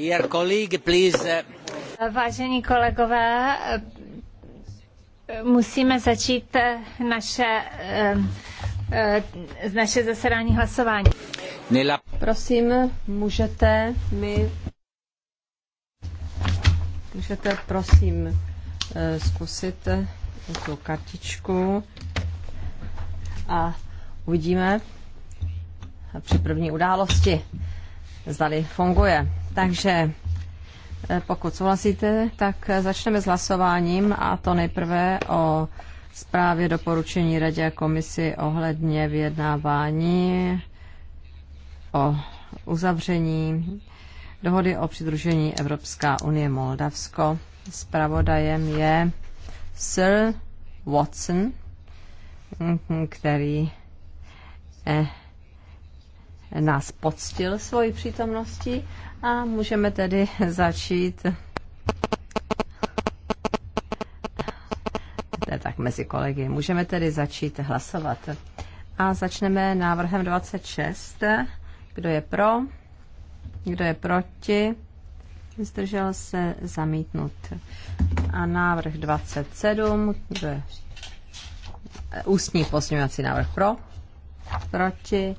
Eh, Vážení kolegové, musíme začít eh, naše, eh, naše zasedání hlasování. Prosím, můžete mi... Můžete, prosím, zkusit tu kartičku a uvidíme při první události, zdali funguje. Takže eh, pokud souhlasíte, tak eh, začneme s hlasováním a to nejprve o zprávě doporučení Radě a komisi ohledně vyjednávání o uzavření dohody o přidružení Evropská unie Moldavsko. Spravodajem je Sir Watson, mm, který eh, nás poctil svojí přítomností a můžeme tedy začít ne, tak mezi kolegy. Můžeme tedy začít hlasovat. A začneme návrhem 26. Kdo je pro? Kdo je proti? Zdržel se zamítnut. A návrh 27. Kdo je? Ústní pozměňovací návrh pro? Proti?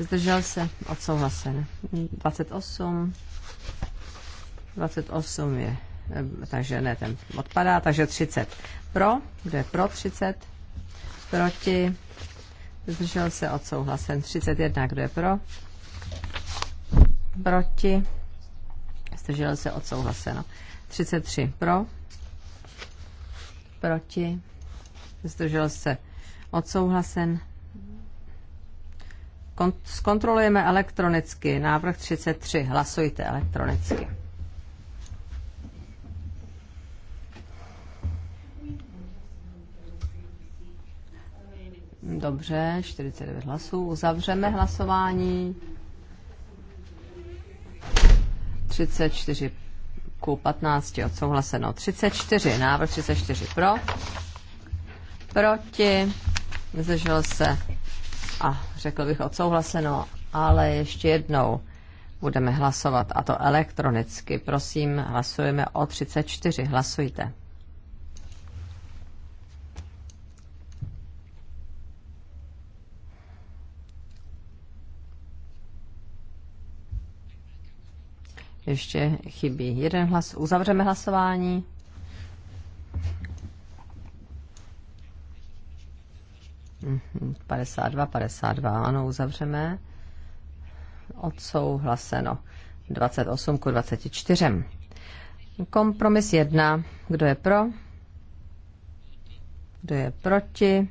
Zdržel se? Odsouhlasen. 28. 28 je, eh, takže ne, ten odpadá, takže 30. Pro, kdo je pro 30? Proti? Zdržel se? Odsouhlasen. 31, kdo je pro? Proti? Zdržel se? Odsouhlaseno. 33 pro, proti, zdržel se, odsouhlasen, zkontrolujeme elektronicky. Návrh 33. Hlasujte elektronicky. Dobře, 49 hlasů. Uzavřeme hlasování. 34 ku 15 odsouhlaseno. 34, návrh 34 pro. Proti. Zdržel se a řekl bych odsouhlaseno, ale ještě jednou budeme hlasovat, a to elektronicky. Prosím, hlasujeme o 34. Hlasujte. Ještě chybí jeden hlas. Uzavřeme hlasování. 52, 52, ano, uzavřeme. Odsouhlaseno. 28 ku 24. Kompromis 1. Kdo je pro? Kdo je proti?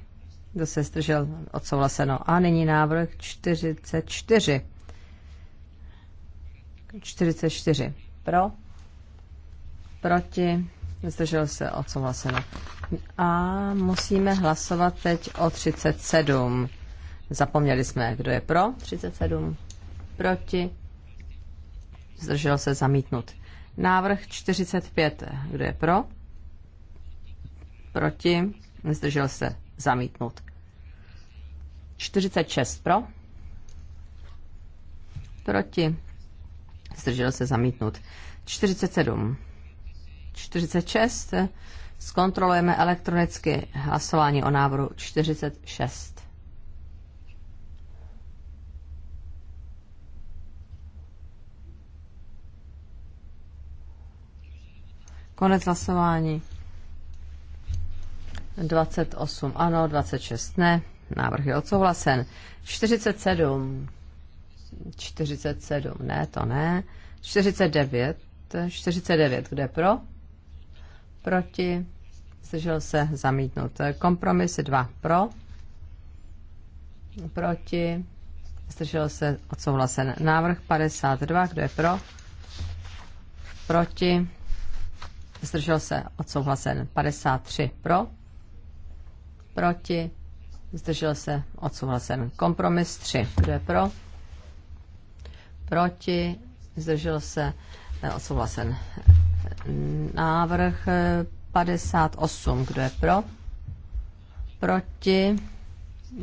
Kdo se zdržel? Odsouhlaseno. A nyní návrh 44. 44. Pro? Proti? zdržel se odsouhlaseno. A musíme hlasovat teď o 37. Zapomněli jsme, kdo je pro 37, proti, zdržel se zamítnut. Návrh 45, kdo je pro, proti, zdržel se zamítnut. 46 pro, proti, zdržel se zamítnut. 47 46 zkontrolujeme elektronicky hlasování o návrhu 46. Konec hlasování. 28 ano, 26 ne. Návrh je odsouhlasen. 47. 47 ne, to ne. 49. 49, kde pro? proti, zdržel se zamítnout. Kompromis 2 pro, proti, zdržel se odsouhlasen. Návrh 52, kdo je pro, proti, zdržel se odsouhlasen. 53 pro, proti, zdržel se odsouhlasen. Kompromis 3, kdo je pro, proti, zdržel se odsouhlasen návrh 58. Eh, Kdo je pro? Proti?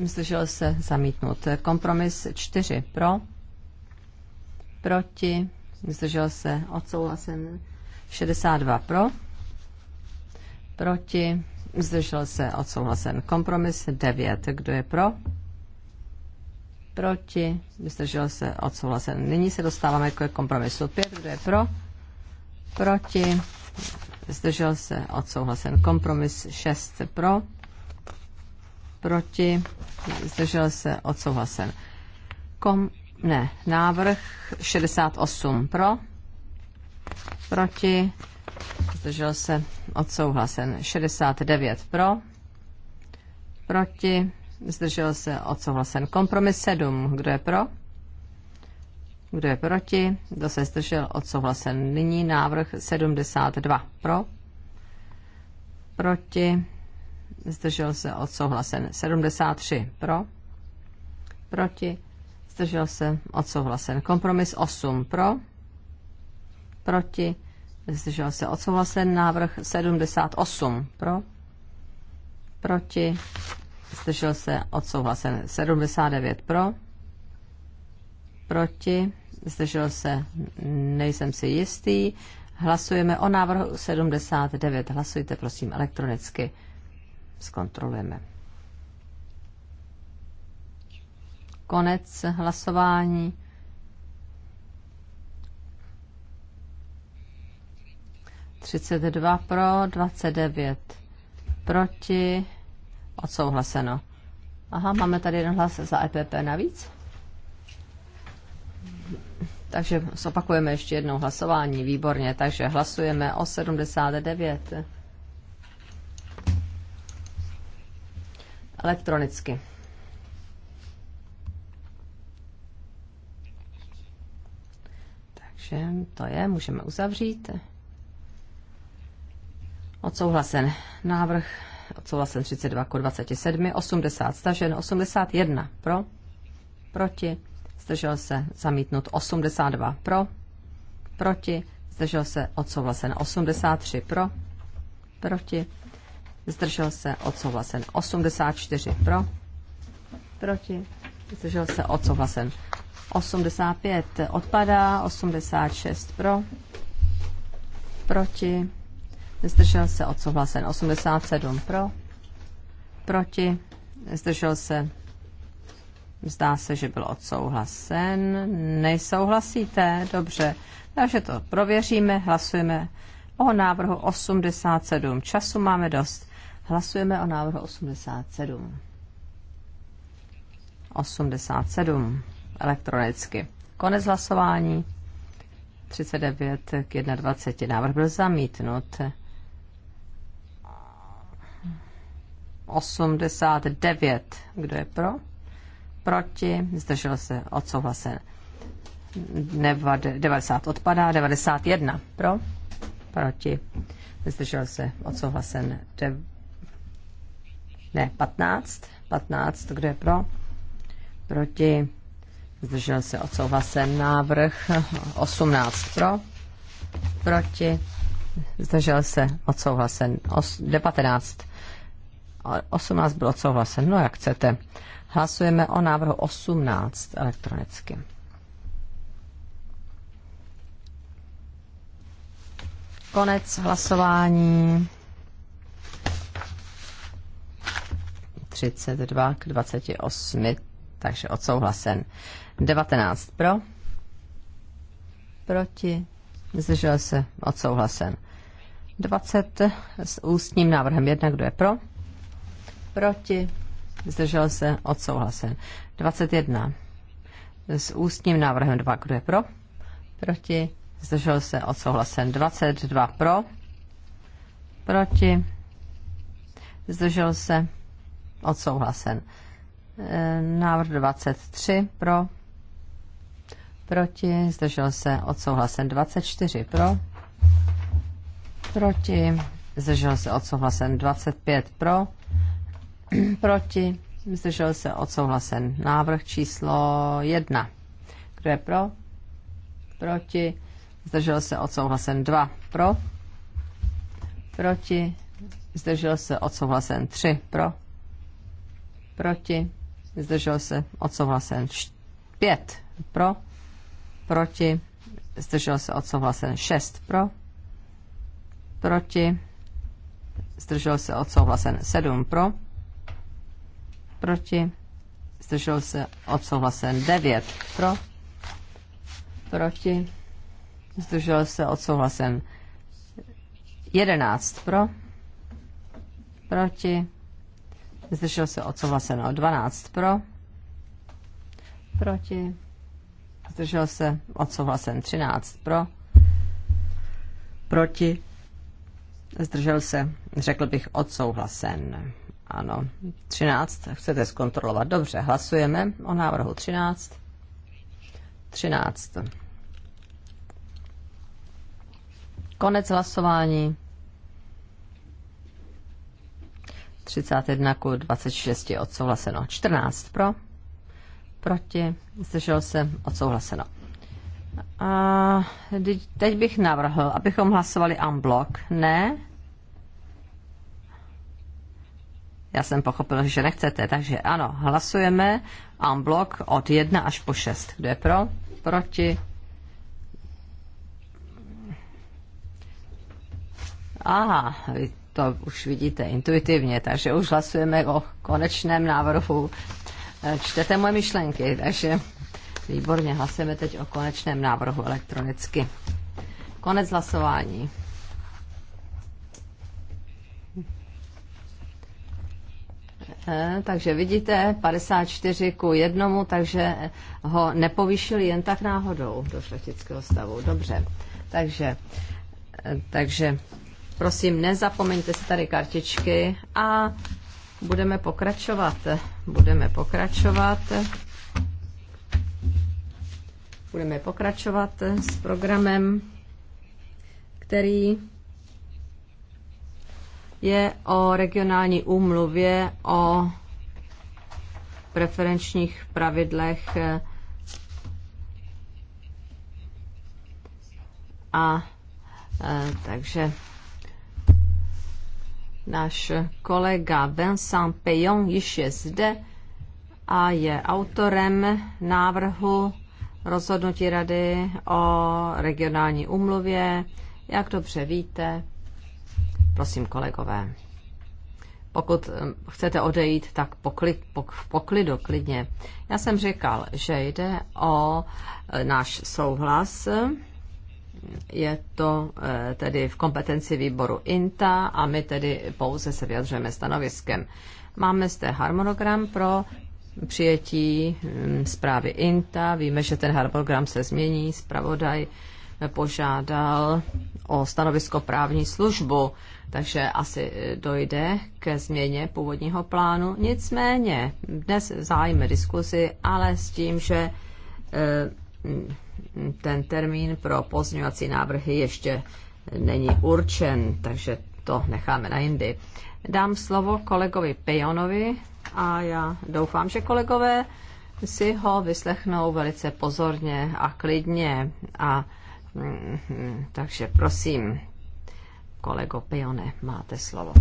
Slyšel se zamítnout. Kompromis 4. Pro? Proti? Zdržel se odsouhlasen. 62 pro. Proti? Zdržel se odsouhlasen. Kompromis 9. Kdo je pro? Proti? Zdržel se odsouhlasen. Nyní se dostáváme k kompromisu 5. Kdo je pro? proti, zdržel se, odsouhlasen. Kompromis 6 pro, proti, zdržel se, odsouhlasen. Kom, ne, návrh 68 pro, proti, zdržel se, odsouhlasen. 69 pro, proti, zdržel se, odsouhlasen. Kompromis 7, kdo je pro? Kdo je proti? Kdo se zdržel? Odsouhlasen. Nyní návrh 72. Pro? Proti? Zdržel se? Odsouhlasen. 73. Pro? Proti? Zdržel se? Odsouhlasen. Kompromis 8. Pro? Proti? Zdržel se? Odsouhlasen. Návrh 78. Pro? Proti? Zdržel se? Odsouhlasen. 79. Pro? Proti? zdržel se, nejsem si jistý. Hlasujeme o návrhu 79. Hlasujte prosím elektronicky. Zkontrolujeme. Konec hlasování. Třicet dva pro, dvacet devět proti. Odsouhlaseno. Aha, máme tady jeden hlas za EPP navíc. Takže zopakujeme ještě jednou hlasování. Výborně, takže hlasujeme o 79. Elektronicky. Takže to je, můžeme uzavřít. Odsouhlasen návrh, odsouhlasen 32 k 27, 80 stažen, 81 pro, proti zdržel se, zamítnut 82 pro, proti, zdržel se, odsouhlasen 83 pro, proti, zdržel se, odsouhlasen 84 pro, proti, zdržel se, odsouhlasen 85 odpadá, 86 pro, proti, zdržel se, odsouhlasen 87 pro, proti, zdržel se, Zdá se, že byl odsouhlasen. Nesouhlasíte? Dobře. Takže to prověříme, hlasujeme o návrhu 87. Času máme dost. Hlasujeme o návrhu 87. 87 elektronicky. Konec hlasování. 39 k 21. Návrh byl zamítnut. 89. Kdo je pro? proti, zdržel se, odsouhlasen. 90 odpadá, 91 pro, proti, zdržel se, odsouhlasen. De, ne, 15, 15, kdo je pro, proti, zdržel se, odsouhlasen. Návrh 18 pro, proti, zdržel se, odsouhlasen. Os, 19, 18 byl odsouhlasen, no jak chcete. Hlasujeme o návrhu 18 elektronicky. Konec hlasování. 32 k 28, takže odsouhlasen. 19 pro, proti, zdržel se, odsouhlasen. 20 s ústním návrhem 1, kdo je pro, proti, zdržel se, odsouhlasen. 21 s ústním návrhem 2, kdo je pro, proti, zdržel se, odsouhlasen. 22 pro, proti, zdržel se, odsouhlasen. E, návrh 23 pro, proti, zdržel se, odsouhlasen. 24 pro, proti, zdržel se, odsouhlasen. 25 pro, Proti? Zdržel se odsouhlasen. Návrh číslo jedna. Kdo je pro? Proti? Zdržel se odsouhlasen dva. Pro? Proti? Zdržel se odsouhlasen tři. Pro? Proti? Zdržel se odsouhlasen pět. Pro? Proti? Zdržel se odsouhlasen šest. Pro? Proti? Zdržel se odsouhlasen sedm. Pro? proti, zdržel se odsouhlasen 9 pro, proti, zdržel se odsouhlasen 11 pro, proti, zdržel se odsouhlasen 12 pro, proti, zdržel se odsouhlasen 13 pro, proti, zdržel se, řekl bych, odsouhlasen. Ano, 13. Chcete zkontrolovat. Dobře, hlasujeme o návrhu 13. 13. Konec hlasování. 31 ku 26 je odsouhlaseno. 14 pro, proti, zdržel se, odsouhlaseno. A teď bych navrhl, abychom hlasovali unblock. Ne, Já jsem pochopil, že nechcete, takže ano, hlasujeme en blok od 1 až po 6. Kdo je pro? Proti? Aha, vy to už vidíte intuitivně, takže už hlasujeme o konečném návrhu. E, čtete moje myšlenky, takže výborně hlasujeme teď o konečném návrhu elektronicky. Konec hlasování. E, takže vidíte, 54 ku jednomu, takže ho nepovýšili jen tak náhodou do šlechtického stavu. Dobře, takže, e, takže prosím, nezapomeňte si tady kartičky a budeme pokračovat. Budeme pokračovat. Budeme pokračovat s programem, který je o regionální úmluvě o preferenčních pravidlech eh, a eh, takže náš kolega Vincent Peyon již je zde a je autorem návrhu rozhodnutí Rady o regionální umluvě. Jak dobře víte, Prosím, kolegové. Pokud eh, chcete odejít, tak poklid, pok, v poklidu, klidně. Já jsem říkal, že jde o eh, náš souhlas. Je to eh, tedy v kompetenci výboru INTA a my tedy pouze se vyjadřujeme stanoviskem. Máme zde harmonogram pro přijetí hm, zprávy INTA. Víme, že ten harmonogram se změní. Spravodaj požádal o stanovisko právní službu takže asi eh, dojde ke změně původního plánu. Nicméně dnes zájme diskuzi, ale s tím, že eh, ten termín pro pozměňovací návrhy ještě není určen, takže to necháme na jindy. Dám slovo kolegovi Pejonovi a já doufám, že kolegové si ho vyslechnou velice pozorně a klidně. A, takže prosím, kolego Pione, máte slovo.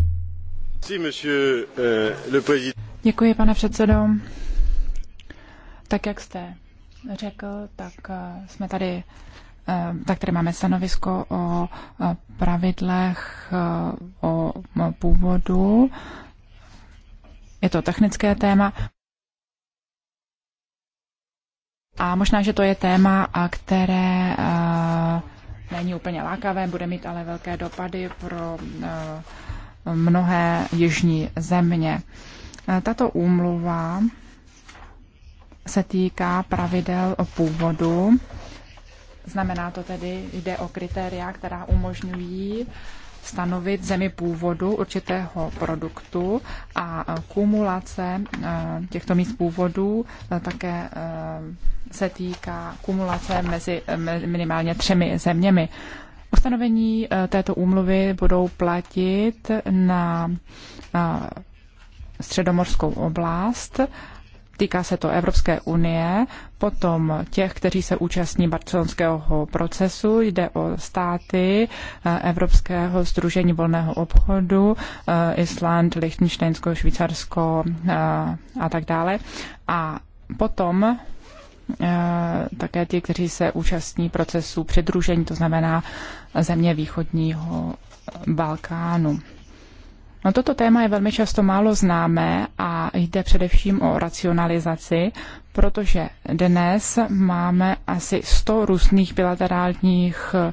Eh, Děkuji, pane předsedo. Tak jak jste řekl, tak eh, jsme tady eh, tak tady máme stanovisko o pravidlech o původu. Je to technické téma. A možná, že to je téma, které není úplně lákavé, bude mít ale velké dopady pro eh, mnohé jižní země. Eh, tato úmluva se týká pravidel o původu. Znamená to tedy, jde o kritéria, která umožňují stanovit zemi původu určitého produktu a kumulace eh, těchto míst původů eh, také eh, se týká kumulace mezi minimálně třemi zeměmi. Ustanovení této úmluvy budou platit na středomorskou oblast. Týká se to Evropské unie potom těch, kteří se účastní barcelonského procesu. Jde o státy eh, Evropského združení volného obchodu, eh, Island, Liechtensteinsko, Švýcarsko eh, a tak dále. A potom také ti, kteří se účastní procesu přidružení, to znamená země východního Balkánu. No, toto téma je velmi často málo známé a jde především o racionalizaci, protože dnes máme asi 100 různých bilaterálních eh,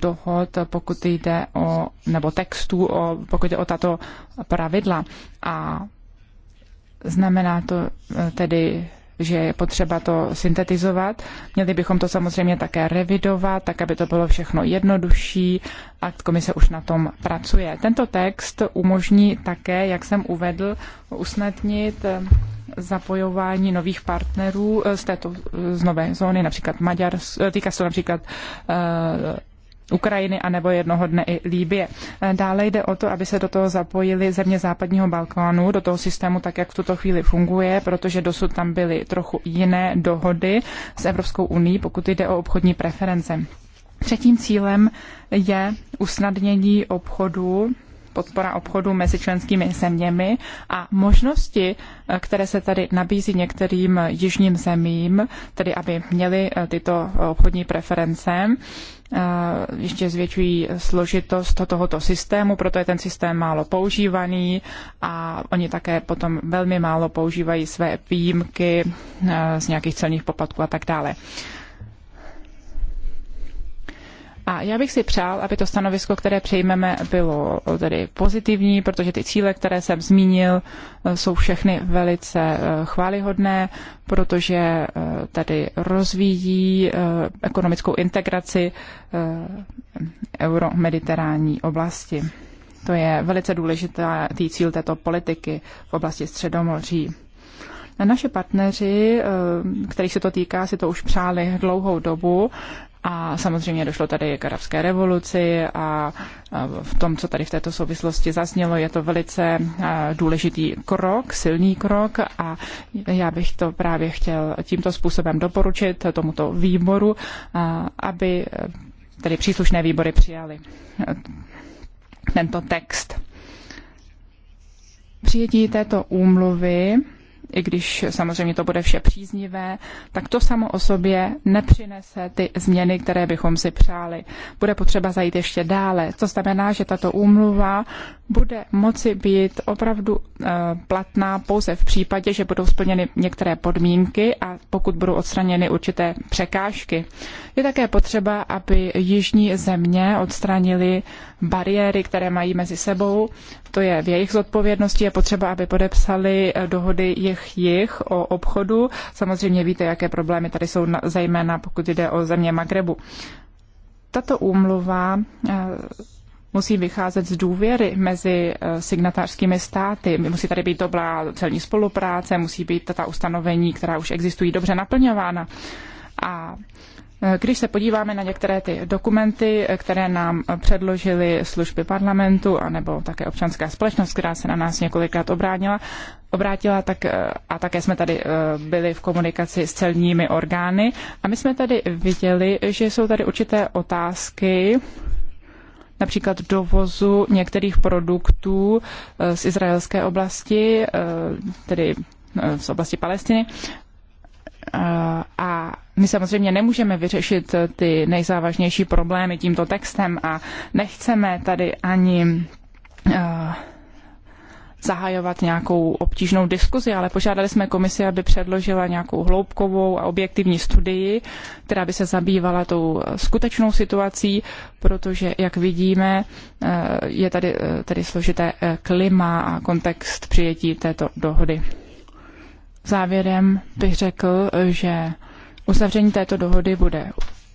dohod, pokud jde o, nebo textů, o, pokud jde o tato pravidla. A znamená to eh, tedy že je potřeba to syntetizovat. Měli bychom to samozřejmě také revidovat, tak aby to bylo všechno jednodušší. Akt komise už na tom pracuje. Tento text umožní také, jak jsem uvedl, usnadnit eh, zapojování nových partnerů eh, z této z nové zóny, například Maďarsko, eh, týká se to například Ukrajiny a nebo jednoho dne i Líbie. Dále jde o to, aby se do toho zapojili země západního Balkánu, do toho systému tak, jak v tuto chvíli funguje, protože dosud tam byly trochu jiné dohody s Evropskou uní, pokud jde o obchodní preference. Třetím cílem je usnadnění obchodu podpora obchodu mezi členskými zeměmi a možnosti, které se tady nabízí některým jižním zemím, tedy aby měly eh, tyto obchodní preference, Eh, ještě zvětšují složitost tohoto systému, proto je ten systém málo používaný a oni také potom velmi málo používají své výjimky eh, z nějakých celních poplatků a tak dále. A já bych si přál, aby to stanovisko, které přejmeme, bylo tedy pozitivní, protože ty cíle, které jsem zmínil, eh, jsou všechny velice eh, chválihodné, protože eh, tady rozvíjí ekonomickou integraci euromediterální oblasti. To je velice důležitý cíl této politiky v oblasti Středomoří. Naše partneři, kterých se to týká, si to už přáli dlouhou dobu a samozřejmě došlo tady k arabské revoluci a v tom, co tady v této souvislosti zaznělo, je to velice důležitý krok, silný krok a já bych to právě chtěl tímto způsobem doporučit tomuto výboru, aby tedy příslušné výbory přijali tento text. Přijetí této úmluvy i když samozřejmě to bude vše příznivé, tak to samo o sobě nepřinese ty změny, které bychom si přáli. Bude potřeba zajít ještě dále. To znamená, že tato úmluva bude moci být opravdu eh, platná pouze v případě, že budou splněny některé podmínky a pokud budou odstraněny určité překážky. Je také potřeba, aby jižní země odstranili bariéry, které mají mezi sebou. To je v jejich zodpovědnosti. Je potřeba, aby podepsali eh, dohody jich jich o obchodu. Samozřejmě víte, jaké problémy tady jsou, zejména pokud jde o země Magrebu. Tato úmluva eh, musí vycházet z důvěry mezi eh, signatářskými státy. Musí tady být dobrá celní spolupráce, musí být ta ustanovení, která už existují, dobře naplňována. A eh, když se podíváme na některé ty dokumenty, eh, které nám předložily služby parlamentu, a nebo také občanská společnost, která se na nás několikrát obránila, obrátila, tak, a také jsme tady byli v komunikaci s celními orgány, a my jsme tady viděli, že jsou tady určité otázky, například dovozu některých produktů eh, z izraelské oblasti, eh, tedy eh, z oblasti Palestiny. A my samozřejmě nemůžeme vyřešit ty nejzávažnější problémy tímto textem a nechceme tady ani zahajovat nějakou obtížnou diskuzi, ale požádali jsme komisi, aby předložila nějakou hloubkovou a objektivní studii, která by se zabývala tou eh, skutečnou situací, protože, jak vidíme, eh, je tady, eh, tady složité klima a kontext přijetí této dohody. Závěrem bych řekl, že uzavření této dohody bude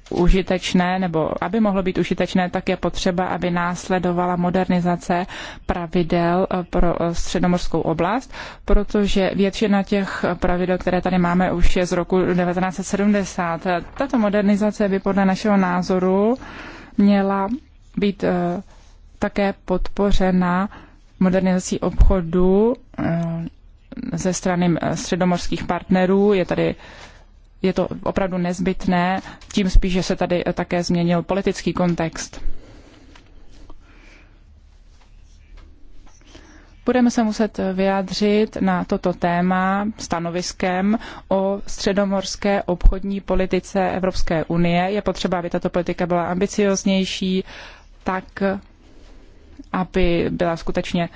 užitečné, nebo aby mohlo být užitečné, tak je potřeba, aby následovala modernizace pravidel eh, pro eh, středomorskou oblast, protože většina těch pravidel, které tady máme, už je z roku 1970. Tato modernizace by podle našeho názoru měla být eh, také podpořena modernizací obchodu ze strany středomorských partnerů. Je tady je to opravdu nezbytné, tím spíš, že se tady eh, také změnil politický kontext. Budeme se muset eh, vyjádřit na toto téma stanoviskem o středomorské obchodní politice Evropské unie. Je potřeba, aby tato politika byla ambicioznější, tak aby byla skutečně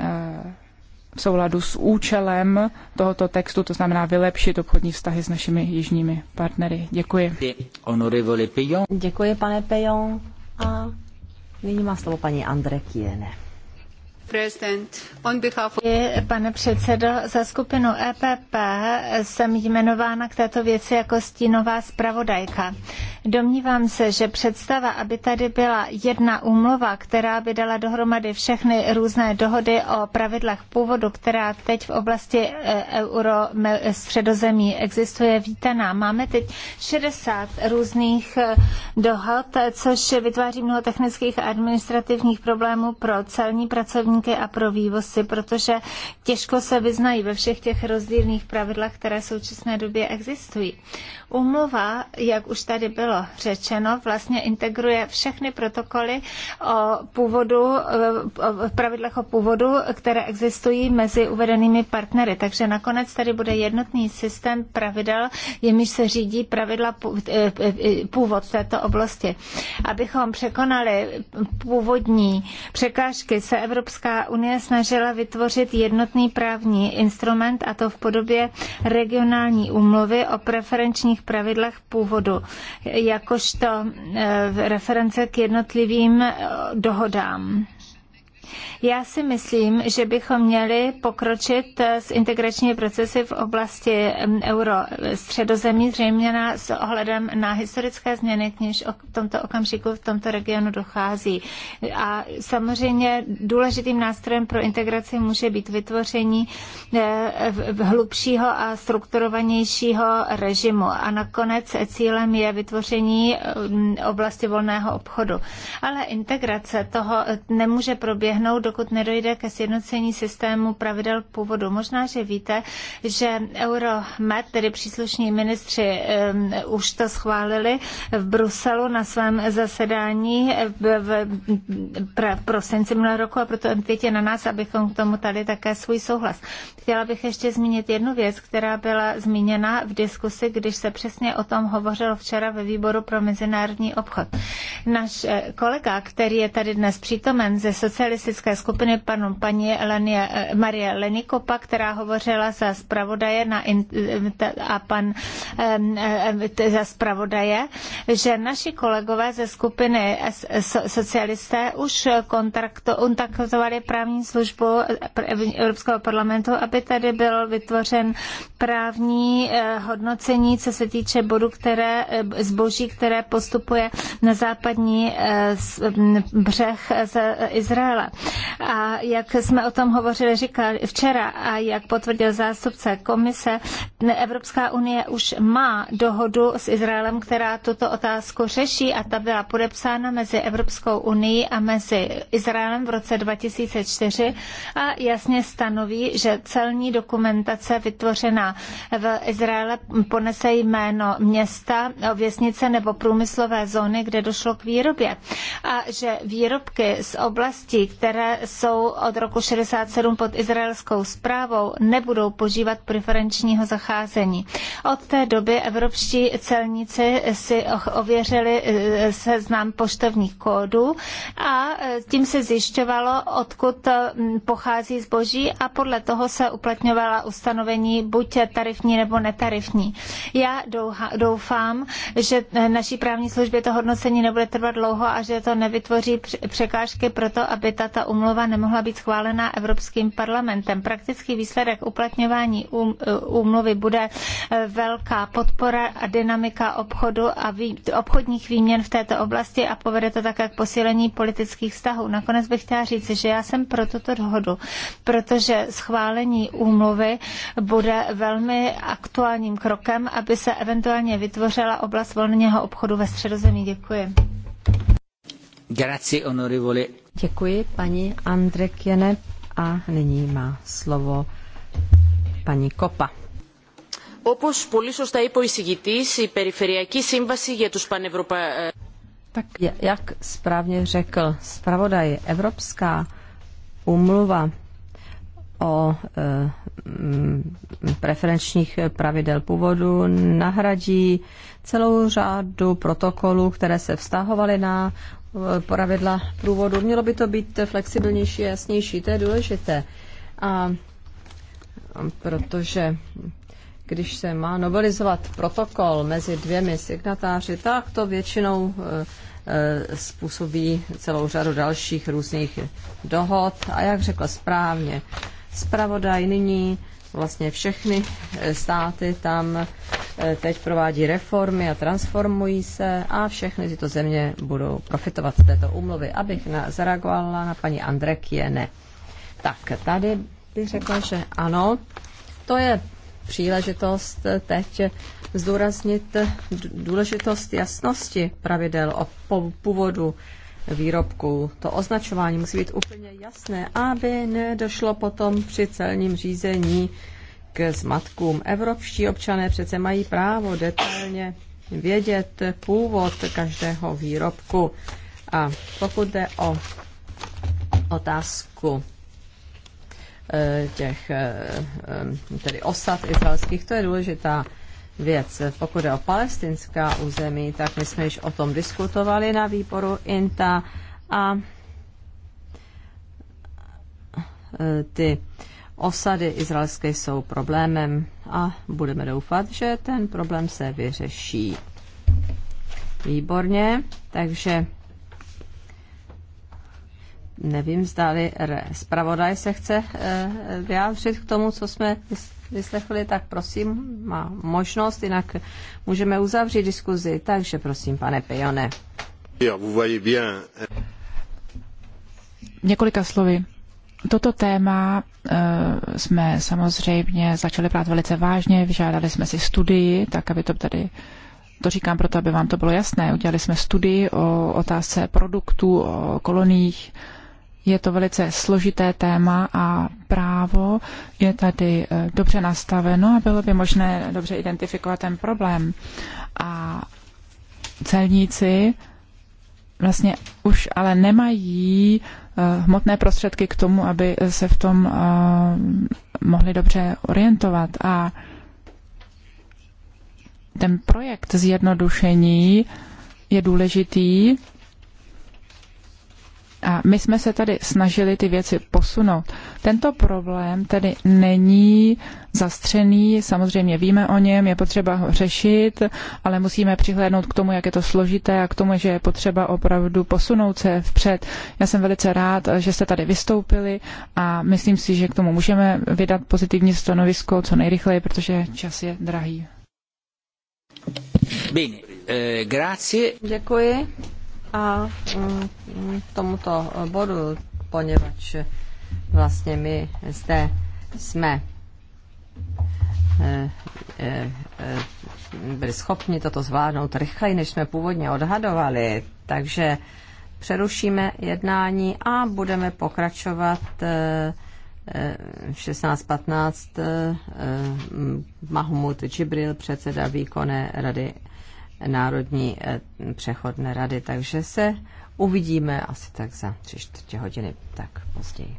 eh, v souladu s účelem tohoto textu, to znamená vylepšit obchodní vztahy s našimi jižními partnery. Děkuji. Děkuji, pane Pejon. A nyní má slovo paní Andre Kiene. Pane předsedo, za skupinu EPP jsem jmenována k této věci jako stínová zpravodajka. Domnívám se, že představa, aby tady byla jedna úmluva, která by dala dohromady všechny různé dohody o pravidlech původu, která teď v oblasti e, euro středozemí existuje, vítaná. Máme teď 60 různých e, dohod, což vytváří mnoho technických a administrativních problémů pro celní pracovní obchodníky a pro vývozy, protože těžko se vyznají ve všech těch rozdílných pravidlech, které v současné době existují. Umluva, jak už tady bylo řečeno, vlastně integruje všechny protokoly o původu, o eh, pravidlech o původu, které existují mezi uvedenými partnery. Takže nakonec tady bude jednotný systém pravidel, jimiž se řídí pravidla eh, eh, původ této oblasti. Abychom překonali původní překážky, se Evropská unie snažila vytvořit jednotný právní instrument a to v podobě regionální úmluvy o preferenčních základních pravidlech původu, jakožto eh, reference k jednotlivým eh, dohodám. Já si myslím, že bychom měli pokročit eh, s integračními procesy v oblasti euro eh, středozemí, zřejmě na, s ohledem na historické změny, k níž v tomto okamžiku v tomto regionu dochází. A samozřejmě důležitým nástrojem pro integraci může být vytvoření eh, hlubšího a strukturovanějšího režimu. A nakonec cílem je vytvoření oblasti volného obchodu. Ale integrace toho nemůže proběhnout, do dokud nedojde ke sjednocení systému pravidel původu. Možná, že víte, že Euromed, tedy příslušní ministři, um, už to schválili v Bruselu na svém zasedání v, v pra, prosinci minulého roku a proto teď je na nás, abychom k tomu tady také svůj souhlas. Chtěla bych ještě zmínit jednu věc, která byla zmíněna v diskusi, když se přesně o tom hovořilo včera ve výboru pro mezinárodní obchod. Náš eh, kolega, který je tady dnes přítomen ze socialistické skupiny panu paní Lenie, eh, Marie Lenikopa, která hovořila za zpravodaje na, eh, a pan za zpravodaje, že naši kolegové ze skupiny socialisté už kontaktovali právní službu eh, Evropského parlamentu, aby tady byl vytvořen právní hodnocení, co se týče bodu, které zboží, které postupuje na západní břeh z Izraele. A jak jsme o tom hovořili říkal včera a jak potvrdil zástupce komise, Evropská unie už má dohodu s Izraelem, která tuto otázku řeší a ta byla podepsána mezi Evropskou unii a mezi Izraelem v roce 2004 a jasně stanoví, že celní dokumentace vytvořená v Izraele ponese jméno města, věznice nebo průmyslové zóny, kde došlo k výrobě. A že výrobky z oblastí, které jsou od roku 67 pod izraelskou zprávou, nebudou požívat preferenčního zacházení. Od té doby evropští celníci si ověřili e, seznam poštovních kódů a e, tím se zjišťovalo, odkud e, pochází zboží a podle toho se uplatňovala ustanovení buď tarifní nebo netarifní. Já doufám, že naší právní službě to hodnocení nebude trvat dlouho a že to nevytvoří překážky pro to, aby tato umluva úmluva nemohla být schválena Evropským parlamentem. Praktický výsledek uplatňování um, eh, úmluvy bude eh, velká podpora a dynamika obchodu a obchodních výměn v této oblasti a povede to také k posílení politických vztahů. Nakonec bych chtěla říct, že já jsem pro tuto dohodu, protože schválení úmluvy bude velmi aktuálním krokem, aby se eventuálně vytvořila oblast volného obchodu ve středozemí. Děkuji. Grazie, onorevole Děkuji paní Andrekjene a nyní má slovo paní Kopa. Όπως πολύ σωστά είπε ο εισηγητής, η Περιφερειακή Σύμβαση για τους Πανευρωπαϊκούς... jak správně řekl zpravodaj, Evropská úmluva o eh, mm, preferenčních pravidel původu nahradí celou řádu protokolů, které se vztahovaly na eh, pravidla průvodu. Mělo by to být flexibilnější a jasnější, to je důležité. A mm, protože když se má novelizovat protokol mezi dvěmi signatáři, tak to většinou eh, způsobí celou řadu dalších různých dohod. A jak řekl správně zpravodaj nyní vlastně všechny eh, státy tam eh, teď provádí reformy a transformují se a všechny tyto země budou profitovat z této úmluvy. Abych na, zareagovala na paní Andrek ne. Tak tady bych řekla, že ano, to je příležitost teď zdůraznit důležitost jasnosti pravidel o původu výrobků. To označování musí být úplně jasné, aby nedošlo potom při celním řízení k zmatkům. Evropští občané přece mají právo detailně vědět původ každého výrobku. A pokud jde o otázku eh, těch eh, eh, tedy osad izraelských, to je důležitá věc. Pokud je o palestinská území, tak my jsme již o tom diskutovali na výboru INTA a e, ty osady izraelské jsou problémem a budeme doufat, že ten problém se vyřeší. Výborně, takže nevím, zdali zpravodaj se chce e, vyjádřit k tomu, co jsme vyslechli, tak prosím, má možnost, jinak můžeme uzavřít diskuzi. Takže prosím, pane Pejone. Několika slovy. Toto téma eh, jsme samozřejmě začali brát velice vážně, vyžádali jsme si studii, tak aby to tady, to říkám proto, aby vám to bylo jasné, udělali jsme studii o otázce produktů, o koloniích, je to velice složité téma a právo je tady eh, dobře nastaveno a bylo by možné dobře identifikovat ten problém. A celníci vlastně už ale nemají eh, hmotné prostředky k tomu, aby se v tom eh, mohli dobře orientovat. A ten projekt zjednodušení je důležitý a my jsme se tady snažili ty věci posunout. Tento problém tedy není zastřený, samozřejmě víme o něm, je potřeba ho řešit, ale musíme přihlédnout k tomu, jak je to složité a k tomu, že je potřeba opravdu posunout se vpřed. Já jsem velice rád, že jste tady vystoupili a myslím si, že k tomu můžeme vydat pozitivní stanovisko co nejrychleji, protože čas je drahý. Bene, eh, grazie. Děkuji a mm, mm, tomuto bodu, poněvadž vlastně my zde jsme eh, eh, byli schopni toto zvládnout rychleji, než jsme původně odhadovali, takže přerušíme jednání a budeme pokračovat 16.15 eh, Mahmud Džibril, předseda výkonné rady Národní eh, přechodné rady, takže se uvidíme asi tak za tři čtvrtě hodiny, tak později.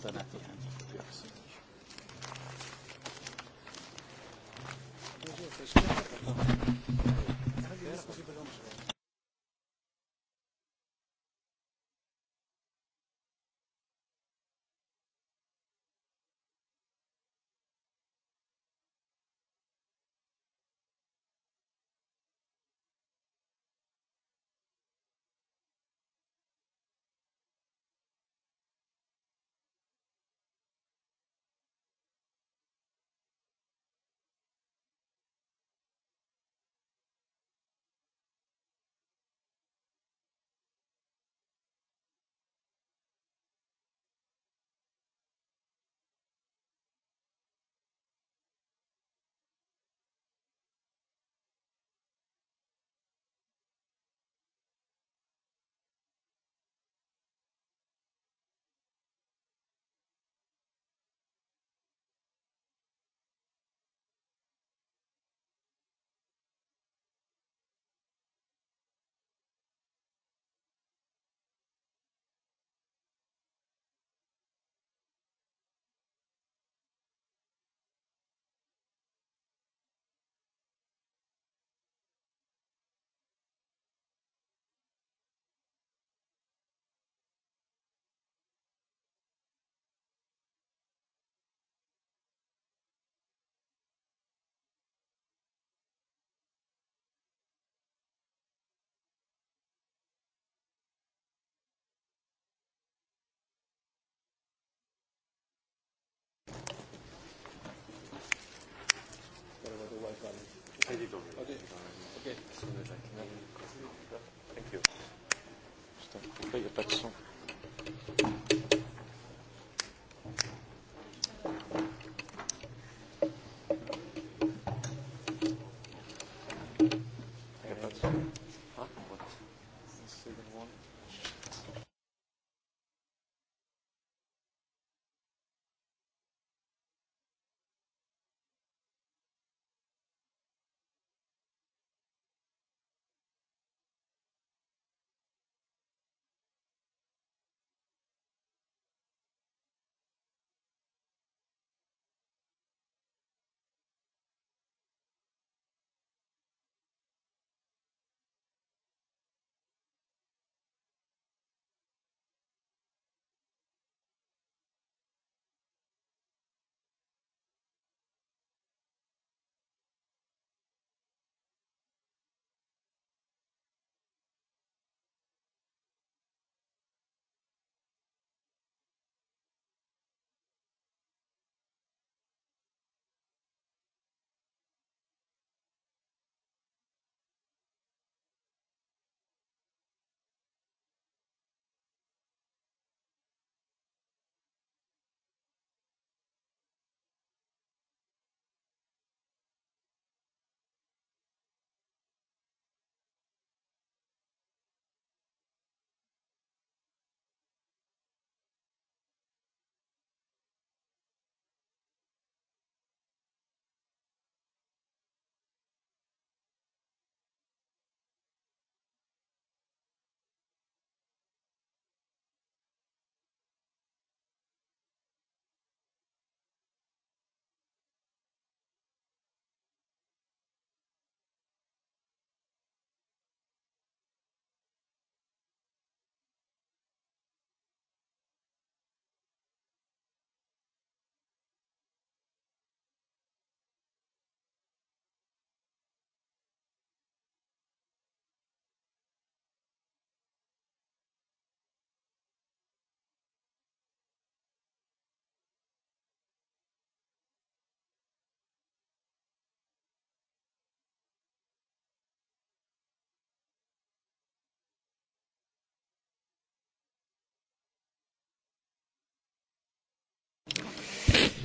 Grazie.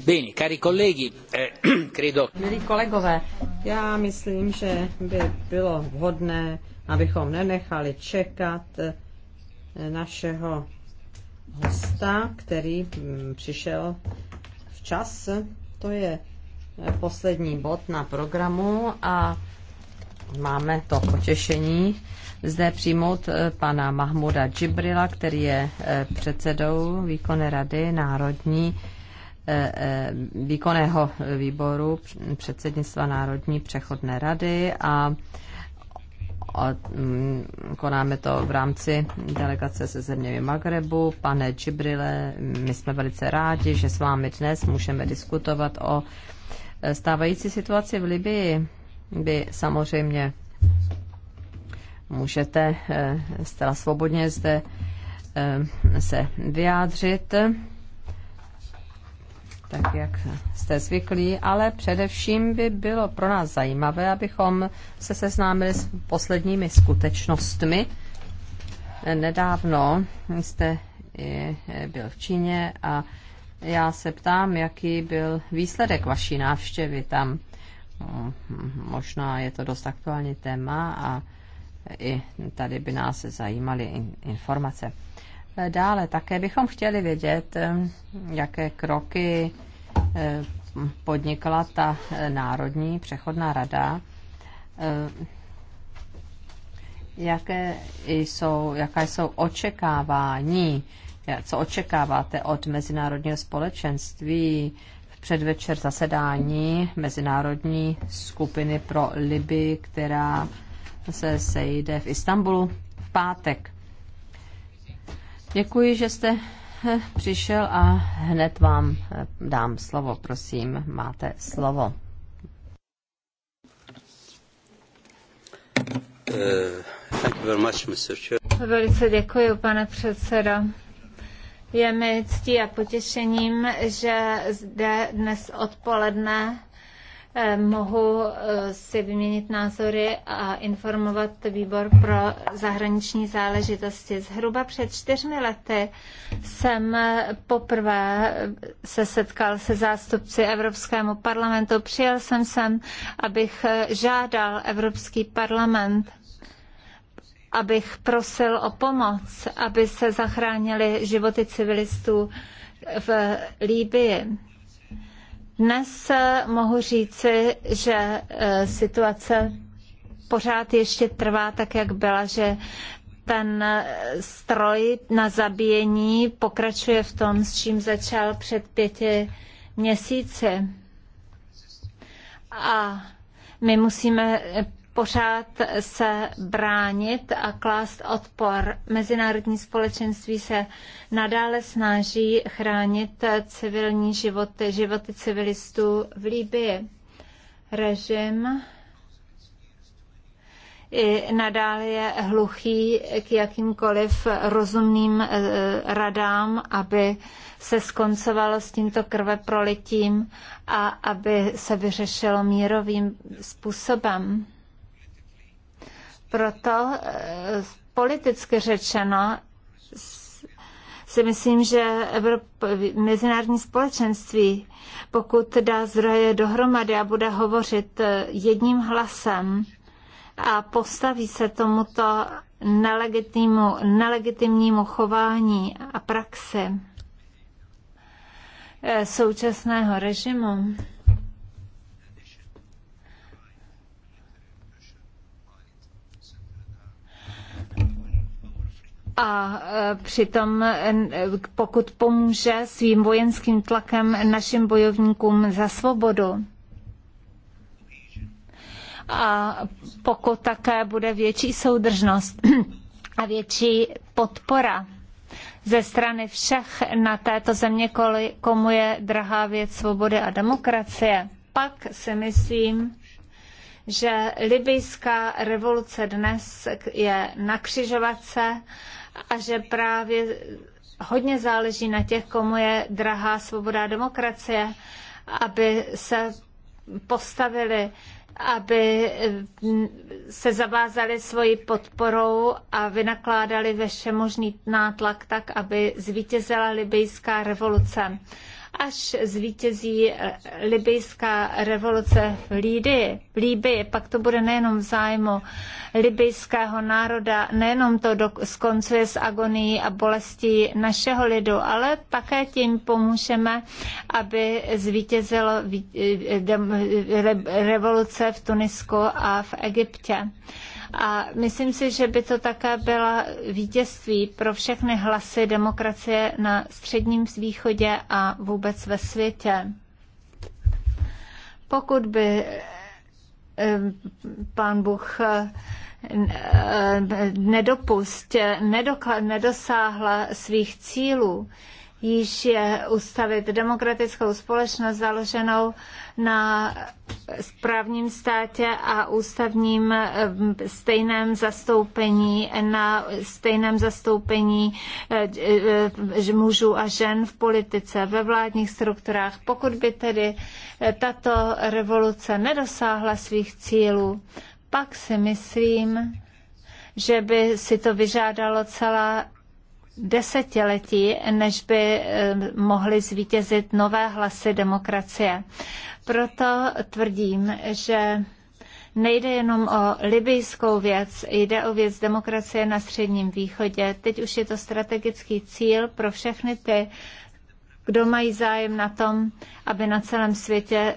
Bene, cari colleghi, eh, credo... Milí kolegové, já myslím, že by bylo vhodné, abychom nenechali čekat eh, našeho hosta, který mm, přišel včas. To je eh, poslední bod na programu a máme to potěšení zde přijmout eh, pana Mahmuda Džibrila, který je předsedou výkonné rady Národní Eh, eh, výkonného výboru předsednictva Národní přechodné rady a mm, konáme to v rámci delegace se zeměmi Magrebu. Pane Čibrile, my jsme velice rádi, že s vámi dnes můžeme diskutovat o eh, stávající situaci v Libii. Vy samozřejmě můžete zcela svobodně zde se vyjádřit tak jak jste zvyklí, ale především by bylo pro nás zajímavé, abychom se seznámili s posledními skutečnostmi. Nedávno jste eh, byl v Číně a já se ptám, jaký byl výsledek vaší návštěvy tam. No, možná je to dost aktuální téma a i tady by nás zajímaly informace. Dále také bychom chtěli vědět, jaké kroky eh, podnikla ta eh, Národní přechodná rada, eh, jaké jsou, jaká jsou očekávání, co očekáváte od mezinárodního společenství v předvečer zasedání mezinárodní skupiny pro Liby, která se sejde v Istanbulu v pátek. Děkuji, že jste eh, přišel a hned vám eh, dám slovo. Prosím, máte slovo. Eh, Velice děkuji, pane předsedo. Je mi ctí a potěšením, že zde dnes odpoledne Eh, mohu eh, si vyměnit názory a informovat výbor pro zahraniční záležitosti. Zhruba před čtyřmi lety jsem eh, poprvé se setkal se zástupci Evropskému parlamentu. Přijel jsem sem, abych žádal Evropský parlament abych prosil o pomoc, aby se zachránili životy civilistů v Líbii dnes eh, mohu říci, že eh, situace pořád ještě trvá tak, jak byla, že ten eh, stroj na zabíjení pokračuje v tom, s čím začal před pěti měsíci. A my musíme pořád se bránit a klást odpor. Mezinárodní společenství se nadále snaží chránit civilní životy, životy civilistů v Líbii. Režim i nadále je hluchý k jakýmkoliv rozumným eh, radám, aby se skoncovalo s tímto krveprolitím a aby se vyřešilo mírovým způsobem. Proto eh, politicky řečeno si myslím, že Evrop- mezinárodní společenství, pokud dá zdroje dohromady a bude hovořit eh, jedním hlasem a postaví se tomuto nelegitimnímu, nelegitimnímu chování a praxi eh, současného režimu, a e, přitom e, pokud pomůže svým vojenským tlakem našim bojovníkům za svobodu a pokud také bude větší soudržnost a větší podpora ze strany všech na této země, komu je drahá věc svobody a demokracie, pak si myslím, že libijská revoluce dnes je na křižovatce a že právě hodně záleží na těch, komu je drahá svoboda a demokracie, aby se postavili aby mm, se zavázali svoji podporou a vynakládali veše možný nátlak tak, aby zvítězila libijská revoluce. Až zvítězí eh, libyjská revoluce v Lídii, v Líbyi, pak to bude nejenom v zájmu libyjského národa, nejenom to do, skoncuje s agonií a bolestí našeho lidu, ale také tím pomůžeme, aby zvítězilo eh, revoluce v Tunisku a v Egyptě. A myslím si, že by to také byla vítězství pro všechny hlasy demokracie na středním východě a vůbec ve světě. Pokud by eh, pán Bůh eh, nedopust, nedosáhla svých cílů, již je ustavit demokratickou společnost založenou na správním státě a ústavním eh, stejném zastoupení, na stejném zastoupení eh, eh, mužů a žen v politice, ve vládních strukturách. Pokud by tedy tato revoluce nedosáhla svých cílů, pak si myslím, že by si to vyžádalo celá desetiletí, než by eh, mohly zvítězit nové hlasy demokracie. Proto tvrdím, že nejde jenom o libijskou věc, jde o věc demokracie na Středním východě. Teď už je to strategický cíl pro všechny ty, kdo mají zájem na tom, aby na celém světě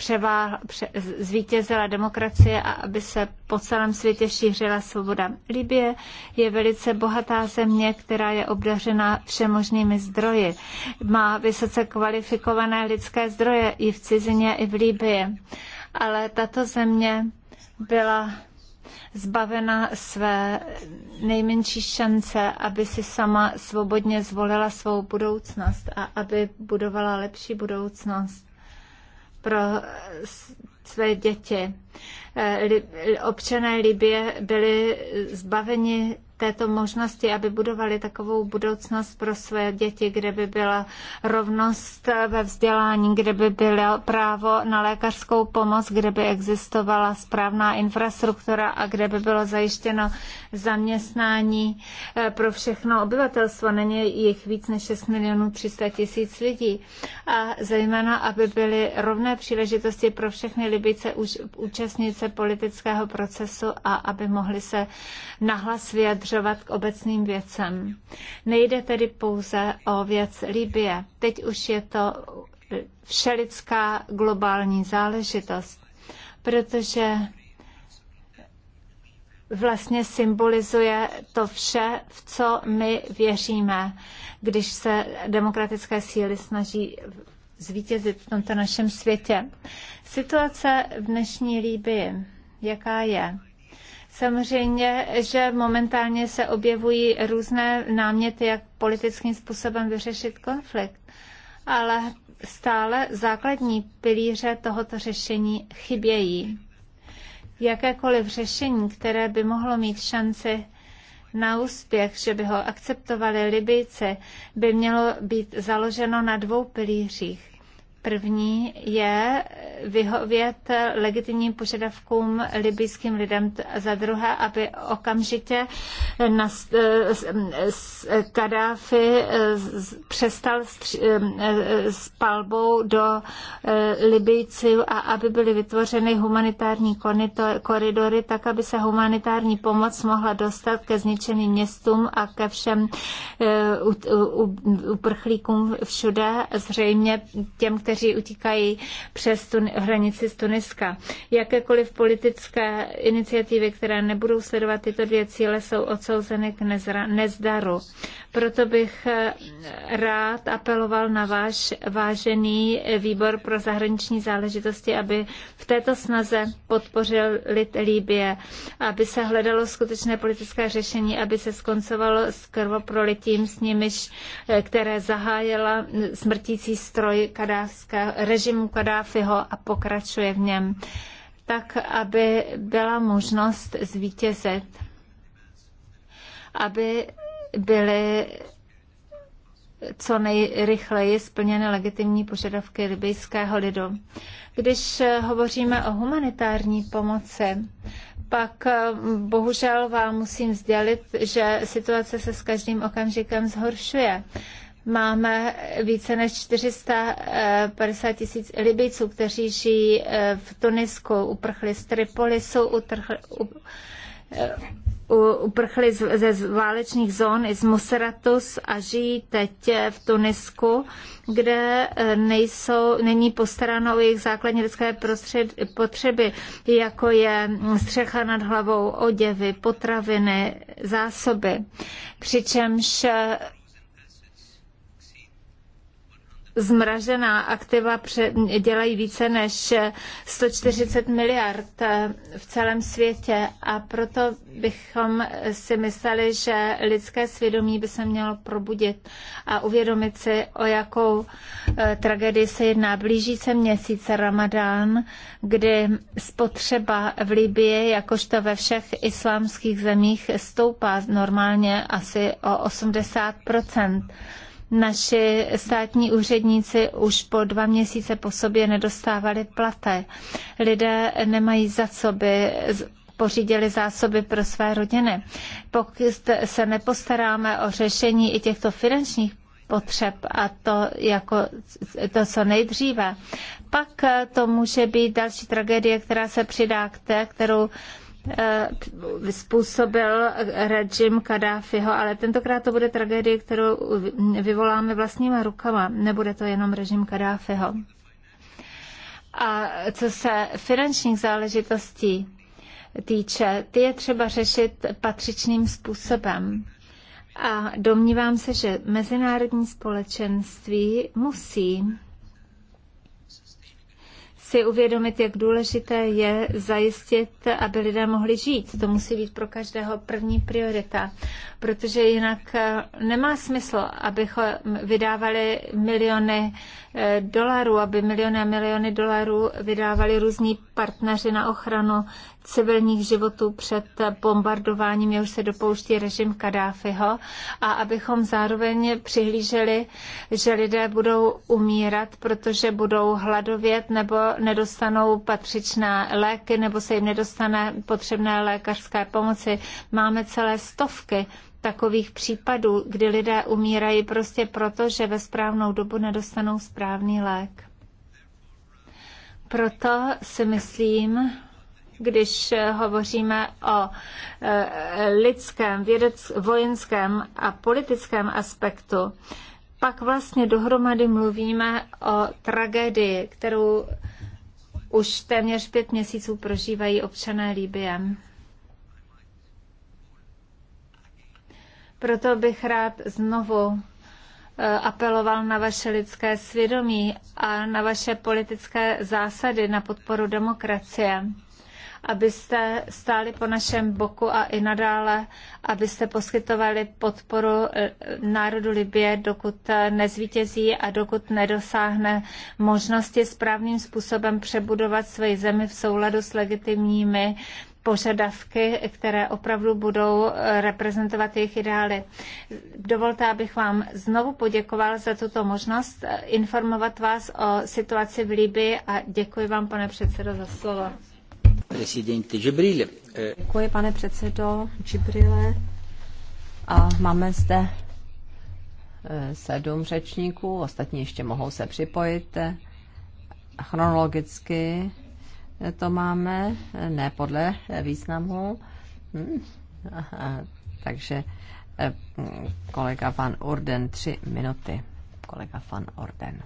převá, pře, zvítězila demokracie a aby se po celém světě šířila svoboda. Libie je velice bohatá země, která je obdařena všemožnými zdroji. Má vysoce kvalifikované lidské zdroje i v cizině, i v Libii. Ale tato země byla zbavena své nejmenší šance, aby si sama svobodně zvolila svou budoucnost a aby budovala lepší budoucnost pro své děti. Eh, občané Libie byli zbaveni této možnosti, aby budovali takovou budoucnost pro své děti, kde by byla rovnost ve vzdělání, kde by bylo právo na lékařskou pomoc, kde by existovala správná infrastruktura a kde by bylo zajištěno zaměstnání eh, pro všechno obyvatelstvo. Není jich víc než 6 milionů 300 tisíc lidí. A zejména, aby byly rovné příležitosti pro všechny Libice účastnit se politického procesu a aby mohli se nahlas vyjadřit vyjadřovat k obecným věcem. Nejde tedy pouze o věc Libie. Teď už je to všelidská globální záležitost, protože vlastně symbolizuje to vše, v co my věříme, když se demokratické síly snaží zvítězit v tomto našem světě. Situace v dnešní Líbii, jaká je? Samozřejmě, že momentálně se objevují různé náměty, jak politickým způsobem vyřešit konflikt, ale stále základní pilíře tohoto řešení chybějí. Jakékoliv řešení, které by mohlo mít šanci na úspěch, že by ho akceptovali Libyjci, by mělo být založeno na dvou pilířích. První je vyhovět legitimním požadavkům libijským lidem a za druhé, aby okamžitě Kadáfi přestal s palbou do e, Libijců a aby byly vytvořeny humanitární koridory, tak aby se humanitární pomoc mohla dostat ke zničeným městům a ke všem e, uprchlíkům všude, zřejmě těm, kteří kteří utíkají přes tun- hranici z Tuniska. Jakékoliv politické iniciativy, které nebudou sledovat tyto dvě cíle, jsou odsouzeny k nezdaru. Proto bych eh, rád apeloval na váš vážený výbor pro zahraniční záležitosti, aby v této snaze podpořil lid Líbie, aby se hledalo skutečné politické řešení, aby se skoncovalo s krvoprolitím, s nimiž, eh, které zahájila mm, smrtící stroj Kadáv Kadávského, režimu Kadáfiho a pokračuje v něm, tak aby byla možnost zvítězit, aby byly co nejrychleji splněny legitimní požadavky libyjského lidu. Když hovoříme o humanitární pomoci, pak mm, bohužel vám musím sdělit, že situace se s každým okamžikem zhoršuje. Máme více než 450 eh, tisíc Libyců, kteří žijí eh, v Tunisku, uprchli z Tripolisu, eh, uprchli ze válečných zón i z Moseratus a žijí teď v Tunisku, kde nejsou, není postaráno o jejich základní lidské prostřed, potřeby, jako je střecha nad hlavou, oděvy, potraviny, zásoby. Přičemž zmražená aktiva dělají více než 140 miliard eh, v celém světě a proto bychom si mysleli, že lidské svědomí by se mělo probudit a uvědomit si, o jakou eh, tragédii se jedná. Blíží se měsíc Ramadán, kdy spotřeba v Libii, jakožto ve všech islámských zemích, stoupá normálně asi o 80 naši státní úředníci už po dva měsíce po sobě nedostávali platé. Lidé nemají za co by pořídili zásoby pro své rodiny. Pokud se nepostaráme o řešení i těchto finančních potřeb a to jako to, co nejdříve, pak to může být další tragédie, která se přidá k té, kterou Eh, způsobil režim Kadáfiho, ale tentokrát to bude tragédie, kterou vyvoláme vlastníma rukama. Nebude to jenom režim Kadáfiho. A co se finančních záležitostí týče, ty je třeba řešit patřičným způsobem. A domnívám se, že mezinárodní společenství musí si uvědomit, jak důležité je zajistit, aby lidé mohli žít. To musí být pro každého první priorita, protože jinak eh, nemá smysl, abychom vydávali miliony eh, dolarů, aby miliony a miliony dolarů vydávali různí partneři na ochranu civilních životů před bombardováním, jehož se dopouští režim Kadáfiho, a abychom zároveň přihlíželi, že lidé budou umírat, protože budou hladovět nebo nedostanou patřičné léky nebo se jim nedostane potřebné lékařské pomoci. Máme celé stovky takových případů, kdy lidé umírají prostě proto, že ve správnou dobu nedostanou správný lék. Proto si myslím, když hovoříme o eh, lidském, vědec, vojenském a politickém aspektu, pak vlastně dohromady mluvíme o tragédii, kterou už téměř pět měsíců prožívají občané Líbie. Proto bych rád znovu eh, apeloval na vaše lidské svědomí a na vaše politické zásady na podporu demokracie abyste stáli po našem boku a i nadále, abyste poskytovali podporu eh, národu Libie, dokud eh, nezvítězí a dokud nedosáhne možnosti správným způsobem přebudovat svoji zemi v souladu s legitimními požadavky, které opravdu budou eh, reprezentovat jejich ideály. Dovolte, abych vám znovu poděkoval za tuto možnost informovat vás o situaci v Libii a děkuji vám, pane předsedo, za slovo. Eh, děkuji, pane předsedo Džibrile. A máme zde eh, sedm řečníků, ostatní ještě mohou se připojit. Chronologicky to máme, ne podle významu. Hm. Aha, takže eh, kolega Van Orden, tři minuty. Kolega Van Orden.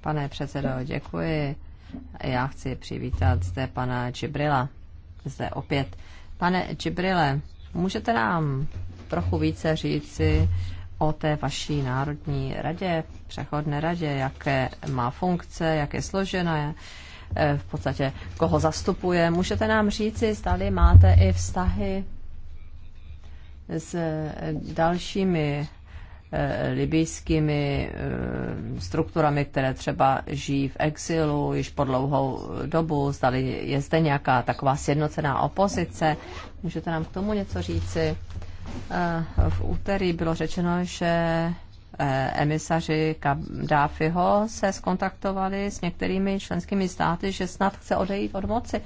Pane předsedo, děkuji. Já chci přivítat zde pana Čibrila. Zde opět. Pane Čibrile, můžete nám trochu více říci o té vaší národní radě, přechodné radě, jaké má funkce, jak je složena, eh, v podstatě koho zastupuje. Můžete nám říci, zdali máte i vztahy s dalšími Eh, libijskými eh, strukturami, které třeba žijí v exilu již po dlouhou dobu. Zdali je zde nějaká taková sjednocená opozice. Můžete nám k tomu něco říci? Eh, v úterý bylo řečeno, že emisaři Kadáfiho se skontaktovali s některými členskými státy, že snad chce odejít od moci.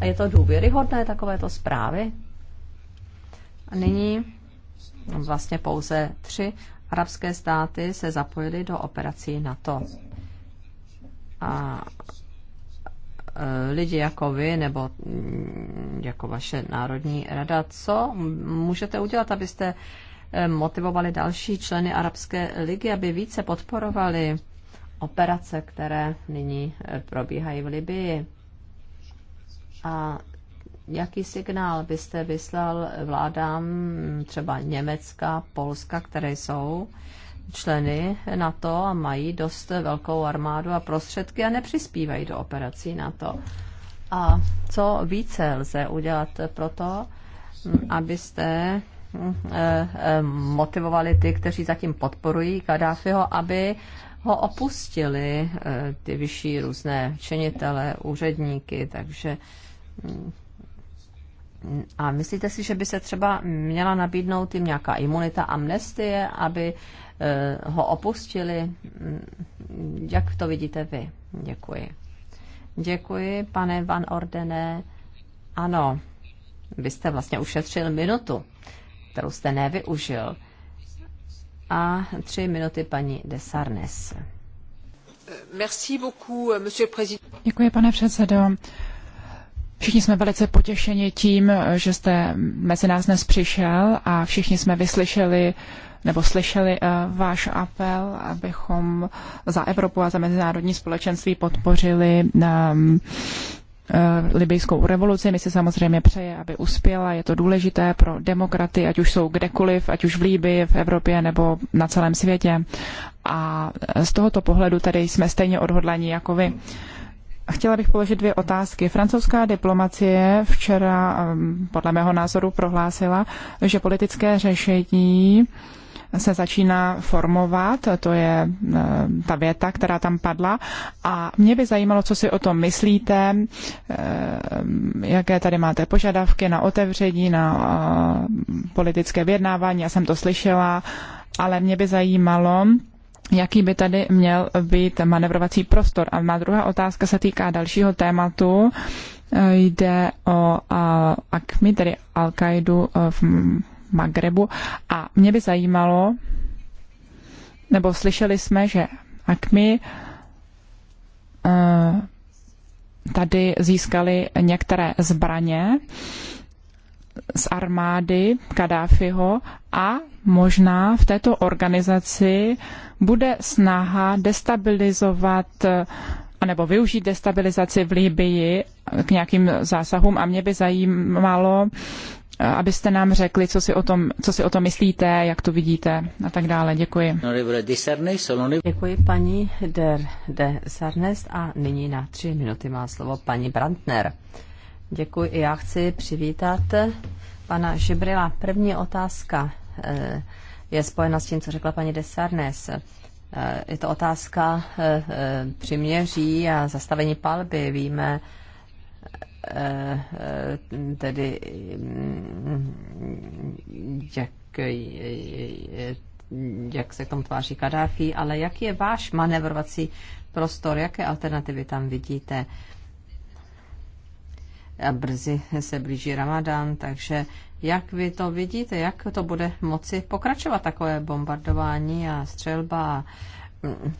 A je to důvěryhodné takovéto zprávy? A nyní vlastně pouze tři arabské státy se zapojily do operací NATO. A e, lidi jako vy nebo mm, jako vaše Národní rada, co můžete udělat, abyste e, motivovali další členy Arabské ligy, aby více podporovali operace, které nyní e, probíhají v Libii? A jaký signál byste vyslal vládám třeba Německa, Polska, které jsou členy NATO a mají dost velkou armádu a prostředky a nepřispívají do operací NATO? A co více lze udělat pro to, abyste eh, eh, motivovali ty, kteří zatím podporují Kadáfiho, aby ho opustili eh, ty vyšší různé činitele, úředníky, takže mm, a myslíte si, že by se třeba měla nabídnout jim nějaká imunita, amnestie, aby eh, ho opustili? Mm, jak to vidíte vy? Děkuji. Děkuji, pane Van Ordené. Ano, vy jste vlastně ušetřil minutu, kterou jste nevyužil. A tři minuty paní Desarnes. Děkuji, pane předsedo. Všichni jsme velice potěšeni tím, že jste mezi nás dnes přišel a všichni jsme vyslyšeli nebo slyšeli eh, váš apel, abychom za Evropu a za mezinárodní společenství podpořili ehm, eh, libijskou revoluci. My si samozřejmě přeje, aby uspěla. Je to důležité pro demokraty, ať už jsou kdekoliv, ať už v Líbii, v Evropě nebo na celém světě. A z tohoto pohledu tady jsme stejně odhodlaní jako vy. Chtěla bych položit dvě otázky. Francouzská diplomacie včera um, podle mého názoru prohlásila, že politické řešení se začíná formovat, to je um, ta věta, která tam padla. A mě by zajímalo, co si o tom myslíte, um, jaké tady máte požadavky na otevření, na uh, politické vyjednávání. Já jsem to slyšela, ale mě by zajímalo, jaký by tady měl být manevrovací prostor. A má druhá otázka se týká dalšího tématu. Eh, jde o AKMI, tedy Al-Qaidu eh, v Magrebu. A mě by zajímalo, nebo slyšeli jsme, že AKMI eh, tady získali některé zbraně z armády Kadáfiho a možná v této organizaci bude snaha destabilizovat anebo využít destabilizaci v Libii k nějakým zásahům a mě by zajímalo, abyste nám řekli, co si o tom, co si o tom myslíte, jak to vidíte a tak dále. Děkuji. Děkuji paní Der de Sarnes a nyní na tři minuty má slovo paní Brandner. Děkuji i já chci přivítat pana Žibrila. První otázka. Eh, je spojena s tím, co řekla paní Desarnes. Eh, je to otázka eh, eh, přiměří a zastavení palby. Víme, tedy mm, jak, jak se k tomu tváří Kadáfi, ale jaký je váš manevrovací prostor, jaké alternativy tam vidíte? a brzy se blíží Ramadán, takže jak vy to vidíte, jak to bude moci pokračovat takové bombardování a střelba a, mm,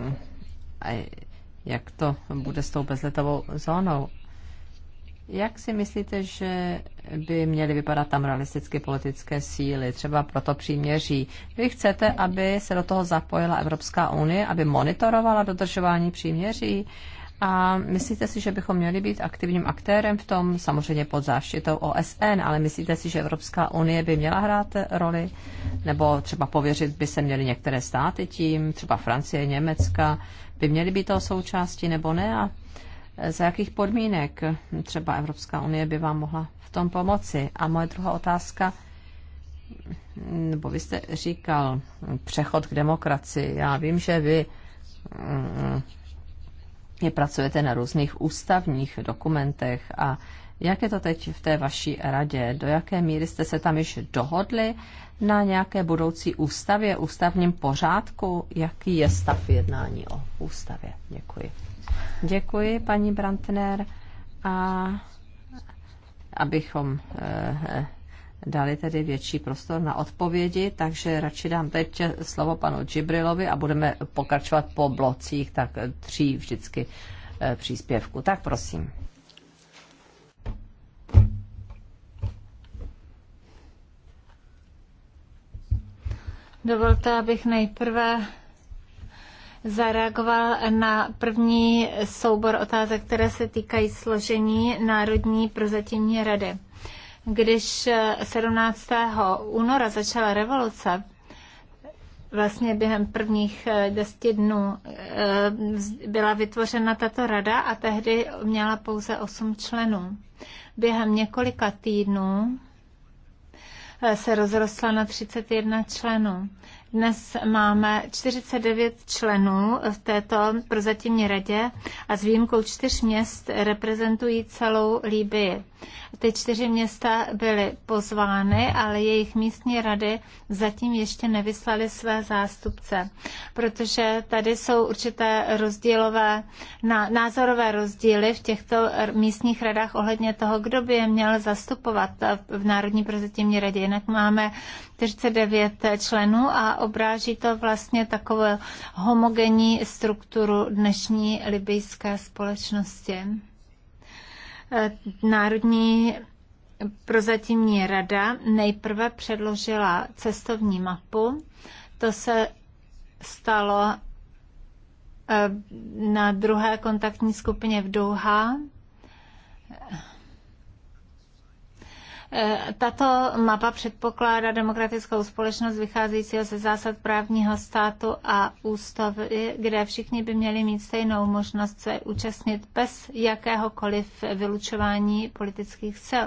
mm, a jak to bude s tou bezletovou zónou? Jak si myslíte, že by měly vypadat tam realisticky politické síly, třeba proto příměří? Vy chcete, aby se do toho zapojila Evropská unie, aby monitorovala dodržování příměří? A myslíte si, že bychom měli být aktivním aktérem v tom, samozřejmě pod záštitou OSN, ale myslíte si, že Evropská unie by měla hrát roli? Nebo třeba pověřit by se měly některé státy tím, třeba Francie, Německa, by měly být toho součástí nebo ne? A za jakých podmínek třeba Evropská unie by vám mohla v tom pomoci? A moje druhá otázka, nebo vy jste říkal přechod k demokracii. Já vím, že vy mm, vy pracujete na různých ústavních dokumentech a jak je to teď v té vaší radě? Do jaké míry jste se tam již dohodli na nějaké budoucí ústavě, ústavním pořádku? Jaký je stav jednání o ústavě? Děkuji. Děkuji, paní Brantner. A abychom eh, eh, dali tedy větší prostor na odpovědi, takže radši dám teď slovo panu Džibrilovi a budeme pokračovat po blocích, tak tří vždycky eh, příspěvku. Tak prosím. Dovolte, abych nejprve zareagoval na první soubor otázek, které se týkají složení Národní prozatímní rady. Když 17. Eh, února začala revoluce, vlastně během prvních eh, deseti dnů eh, byla vytvořena tato rada a tehdy měla pouze osm členů. Během několika týdnů se rozrostla na 31 členů. Dnes máme 49 členů v této prozatímní radě a s výjimkou čtyř měst reprezentují celou Líbii. Ty čtyři města byly pozvány, ale jejich místní rady zatím ještě nevyslali své zástupce, protože tady jsou určité rozdílové, názorové rozdíly v těchto místních radách ohledně toho, kdo by je měl zastupovat v Národní prozatímní radě. Jinak máme 49 členů a obráží to vlastně takovou homogenní strukturu dnešní libijské společnosti. Eh, Národní prozatímní rada nejprve předložila cestovní mapu. To se stalo eh, na druhé kontaktní skupině v Douha. Eh, tato mapa předpokládá demokratickou společnost vycházejícího ze zásad právního státu a ústavy, kde všichni by měli mít stejnou možnost se účastnit bez jakéhokoliv vylučování politických sil.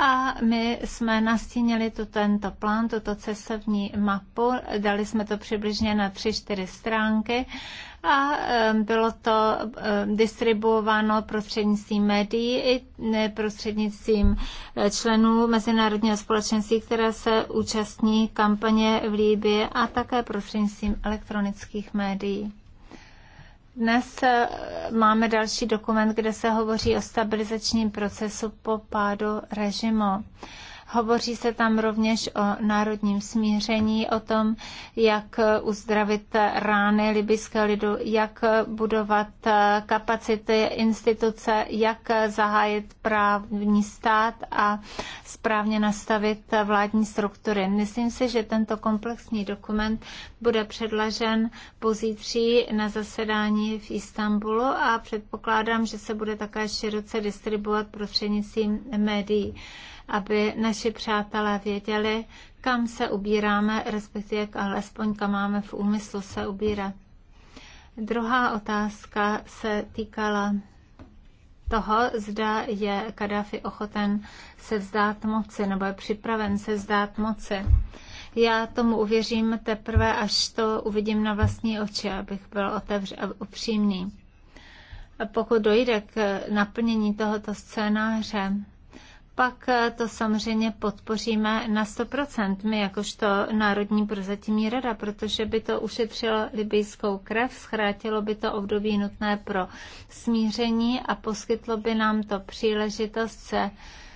A my jsme nastínili tu, tento plán, tuto cestovní mapu, dali jsme to přibližně na tři čtyři stránky a bylo to distribuováno prostřednictvím médií i prostřednictvím e, členů Mezinárodního společenství, které se účastní kampaně v Líbě a také prostřednictvím elektronických médií. Dnes eh, máme další dokument, kde se hovoří o stabilizačním procesu po pádu režimu. Hovoří se tam rovněž o národním smíření, o tom, jak uzdravit rány libyského lidu, jak budovat kapacity instituce, jak zahájit právní stát a správně nastavit vládní struktury. Myslím si, že tento komplexní dokument bude předlažen pozítří na zasedání v Istanbulu a předpokládám, že se bude také široce distribuovat prostřednictvím médií aby naši přátelé věděli, kam se ubíráme, respektive alespoň kam máme v úmyslu se ubírat. Druhá otázka se týkala toho, zda je Kadáfi ochoten se vzdát moci nebo je připraven se vzdát moci. Já tomu uvěřím teprve, až to uvidím na vlastní oči, abych byl otevř- upřímný. Pokud dojde k naplnění tohoto scénáře, pak eh, to samozřejmě podpoříme na 100%, my jakožto Národní prozatímní rada, protože by to ušetřilo libijskou krev, schrátilo by to období nutné pro smíření a poskytlo by nám to příležitost se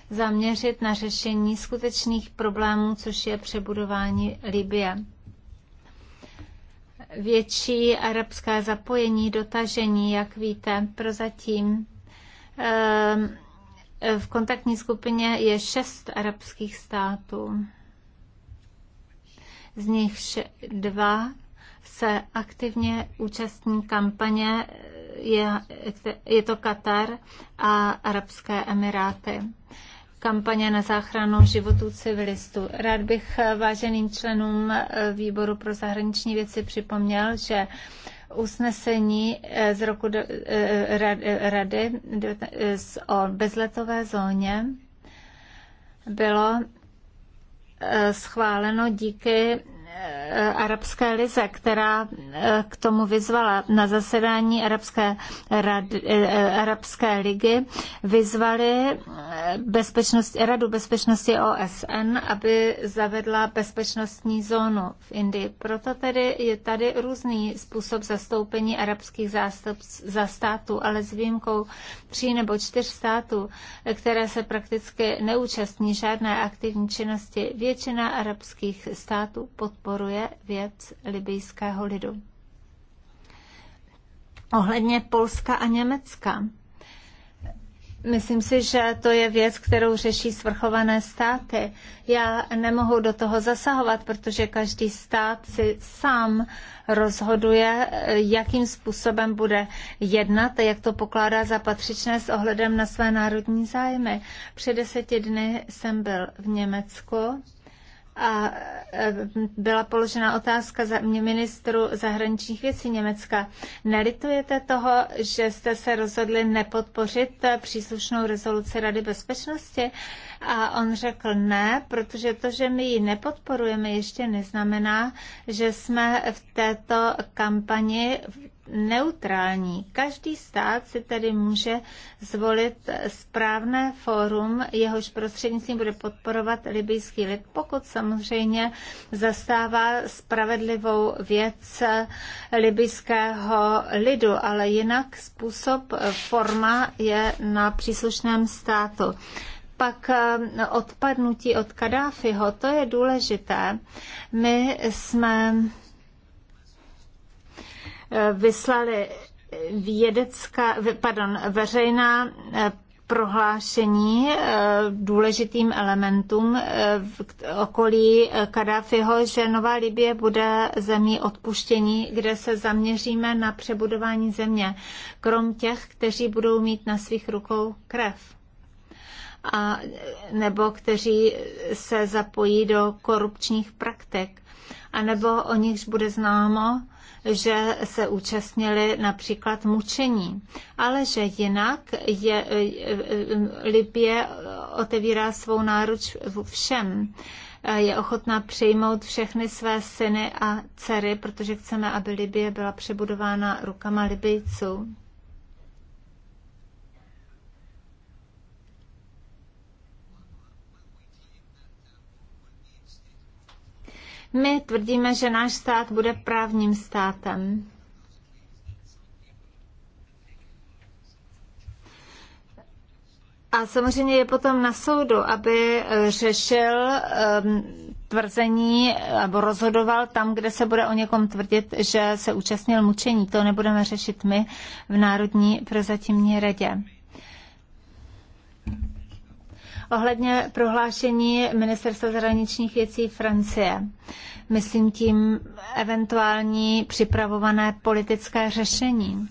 zaměřit na řešení skutečných problémů, což je přebudování Libie. Větší arabské zapojení, dotažení, jak víte, prozatím. Ehm, v kontaktní skupině je šest arabských států. Z nich dva se aktivně účastní kampaně, je, je to Katar a Arabské Emiráty kampaně na záchranu životů civilistů. Rád bych váženým členům eh, výboru pro zahraniční věci připomněl, že usnesení eh, z roku do, eh, eh, rady o bezletové zóně bylo schváleno díky Eh, Arabské lize, která eh, k tomu vyzvala na zasedání Arabské, rad, eh, Arabské ligy, vyzvali bezpečnost, Radu bezpečnosti OSN, aby zavedla bezpečnostní zónu v Indii. Proto tedy je tady různý způsob zastoupení arabských zástup, za států, ale s výjimkou tří nebo čtyř států, které se prakticky neúčastní žádné aktivní činnosti, většina arabských států podporuje podporuje věc libijského lidu. Ohledně Polska a Německa. Myslím si, že to je věc, kterou řeší svrchované státy. Já nemohu do toho zasahovat, protože každý stát si sám rozhoduje, jakým způsobem bude jednat a jak to pokládá za patřičné s ohledem na své národní zájmy. Před deseti dny jsem byl v Německu a e, byla položena otázka za mě ministru zahraničních věcí Německa. Nelitujete toho, že jste se rozhodli nepodpořit e, příslušnou rezoluci Rady bezpečnosti? A on řekl ne, protože to, že my ji nepodporujeme, ještě neznamená, že jsme v této kampani neutrální. Každý stát si tedy může zvolit správné fórum, jehož prostřednictvím bude podporovat libijský lid, pokud samozřejmě zastává spravedlivou věc libijského lidu, ale jinak způsob forma je na příslušném státu pak eh, odpadnutí od Kadáfiho, to je důležité. My jsme vyslali vědecká, pardon, veřejná eh, prohlášení eh, důležitým elementům eh, v okolí Kadáfiho, že Nová Libie bude zemí odpuštění, kde se zaměříme na přebudování země, krom těch, kteří budou mít na svých rukou krev. A, nebo kteří se zapojí do korupčních praktik. A nebo o nichž bude známo, že se účastnili například mučení, ale že jinak je, e, e, Libie otevírá svou náruč všem e, je ochotná přijmout všechny své syny a dcery, protože chceme, aby Libie byla přebudována rukama Libijců. My tvrdíme, že náš stát bude právním státem. A samozřejmě je potom na soudu, aby eh, řešil um, tvrzení nebo rozhodoval tam, kde se bude o někom tvrdit, že se účastnil mučení. To nebudeme řešit my v Národní prozatímní radě ohledně prohlášení Ministerstva zahraničních věcí Francie. Myslím tím eventuální připravované politické řešení.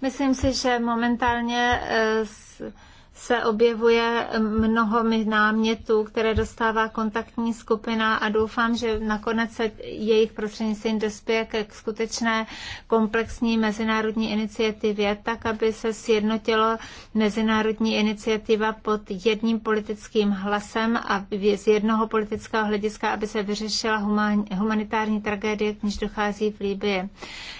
Myslím si, že momentálně eh, se objevuje mnoho námětů, které dostává kontaktní skupina a doufám, že nakonec se jejich prostřednictvím dospěje k skutečné komplexní mezinárodní iniciativě, tak, aby se sjednotilo mezinárodní iniciativa pod jedním politickým hlasem a z jednoho politického hlediska, aby se vyřešila humanitární tragédie, k níž dochází v Líbii.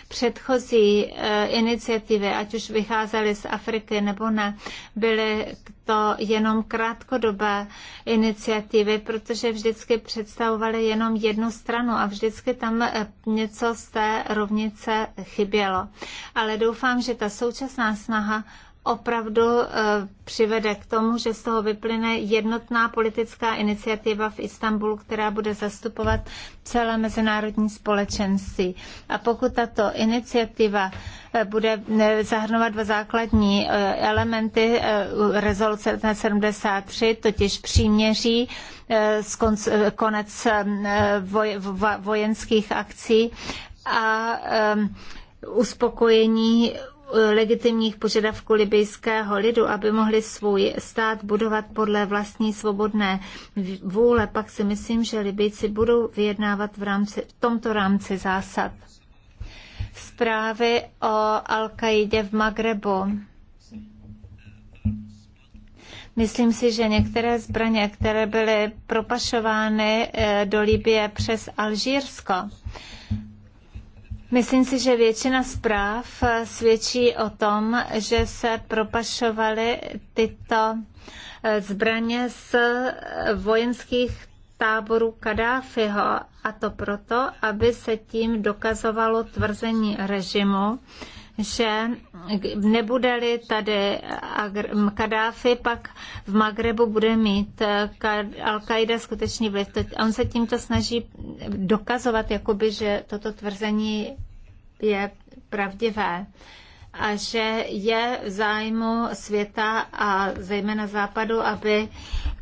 Předchozí eh, iniciativy, ať už vycházely z Afriky nebo ne, byly to jenom krátkodobé iniciativy, protože vždycky představovaly jenom jednu stranu a vždycky tam eh, něco z té rovnice chybělo. Ale doufám, že ta současná snaha opravdu eh, přivede k tomu, že z toho vyplyne jednotná politická iniciativa v Istanbulu, která bude zastupovat celé mezinárodní společenství. A pokud tato iniciativa eh, bude zahrnovat dva základní eh, elementy rezoluce 73, totiž příměří, konec vojenských akcí a uspokojení legitimních požadavků libijského lidu, aby mohli svůj stát budovat podle vlastní svobodné vůle, pak si myslím, že Libijci budou vyjednávat v, rámci, v tomto rámci zásad. Zprávy o al v Magrebu. Myslím si, že některé zbraně, které byly propašovány eh, do Libie přes Alžírsko, Myslím si, že většina zpráv eh, svědčí o tom, že se propašovaly tyto eh, zbraně z eh, vojenských táborů Kadáfiho a to proto, aby se tím dokazovalo tvrzení režimu, že nebude-li tady Kadáfi, pak v Magrebu bude mít eh, Al-Qaida skutečný vliv. On se tímto snaží dokazovat, jakoby, že toto tvrzení je pravdivé a že je v zájmu světa a zejména západu, aby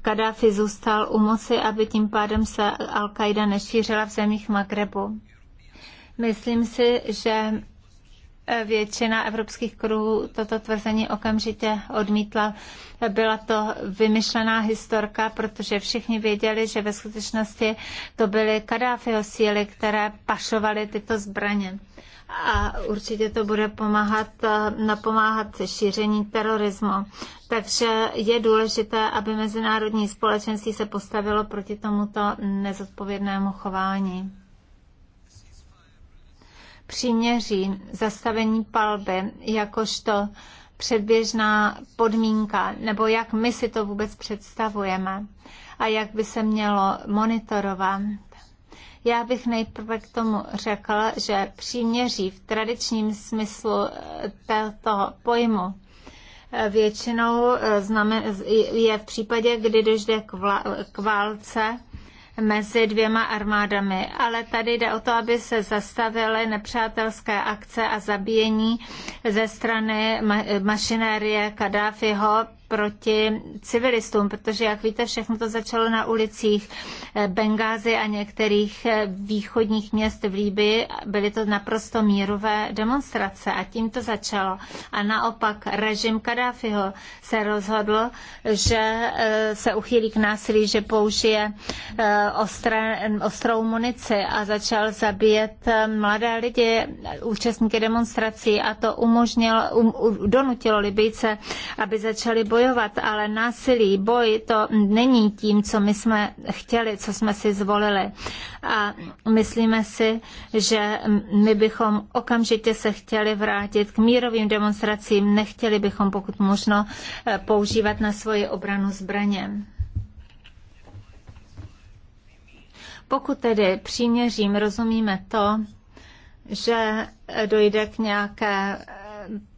Kadáfi zůstal u moci, aby tím pádem se Al-Qaida nešířila v zemích Magrebu. Myslím si, že většina evropských kruhů toto tvrzení okamžitě odmítla. Byla to vymyšlená historka, protože všichni věděli, že ve skutečnosti to byly Kadáfiho síly, které pašovaly tyto zbraně. A určitě to bude pomáhat, napomáhat šíření terorismu. Takže je důležité, aby mezinárodní společenství se postavilo proti tomuto nezodpovědnému chování. Přiměří zastavení palby, jakožto předběžná podmínka, nebo jak my si to vůbec představujeme a jak by se mělo monitorovat. Já bych nejprve k tomu řekla, že příměří v tradičním smyslu eh, této pojmu eh, většinou eh, je v případě, kdy dojde k válce mezi dvěma armádami, ale tady jde o to, aby se zastavily nepřátelské akce a zabíjení ze strany ma- mašinérie Kadáfiho proti civilistům, protože, jak víte, všechno to začalo na ulicích eh, Bengázy a některých eh, východních měst v Líbii. Byly to naprosto mírové demonstrace a tím to začalo. A naopak režim Kadáfiho se rozhodl, že eh, se uchýlí k násilí, že použije ostré, ostrou munici a začal zabíjet mladé lidi, účastníky demonstrací a to umožnilo, um, donutilo Libijce, aby začali bojovat bojovat, ale násilí, boj to není tím, co my jsme chtěli, co jsme si zvolili. A myslíme si, že my bychom okamžitě se chtěli vrátit k mírovým demonstracím, nechtěli bychom pokud možno eh, používat na svoji obranu zbraně. Pokud tedy příměřím rozumíme to, že dojde k nějaké eh,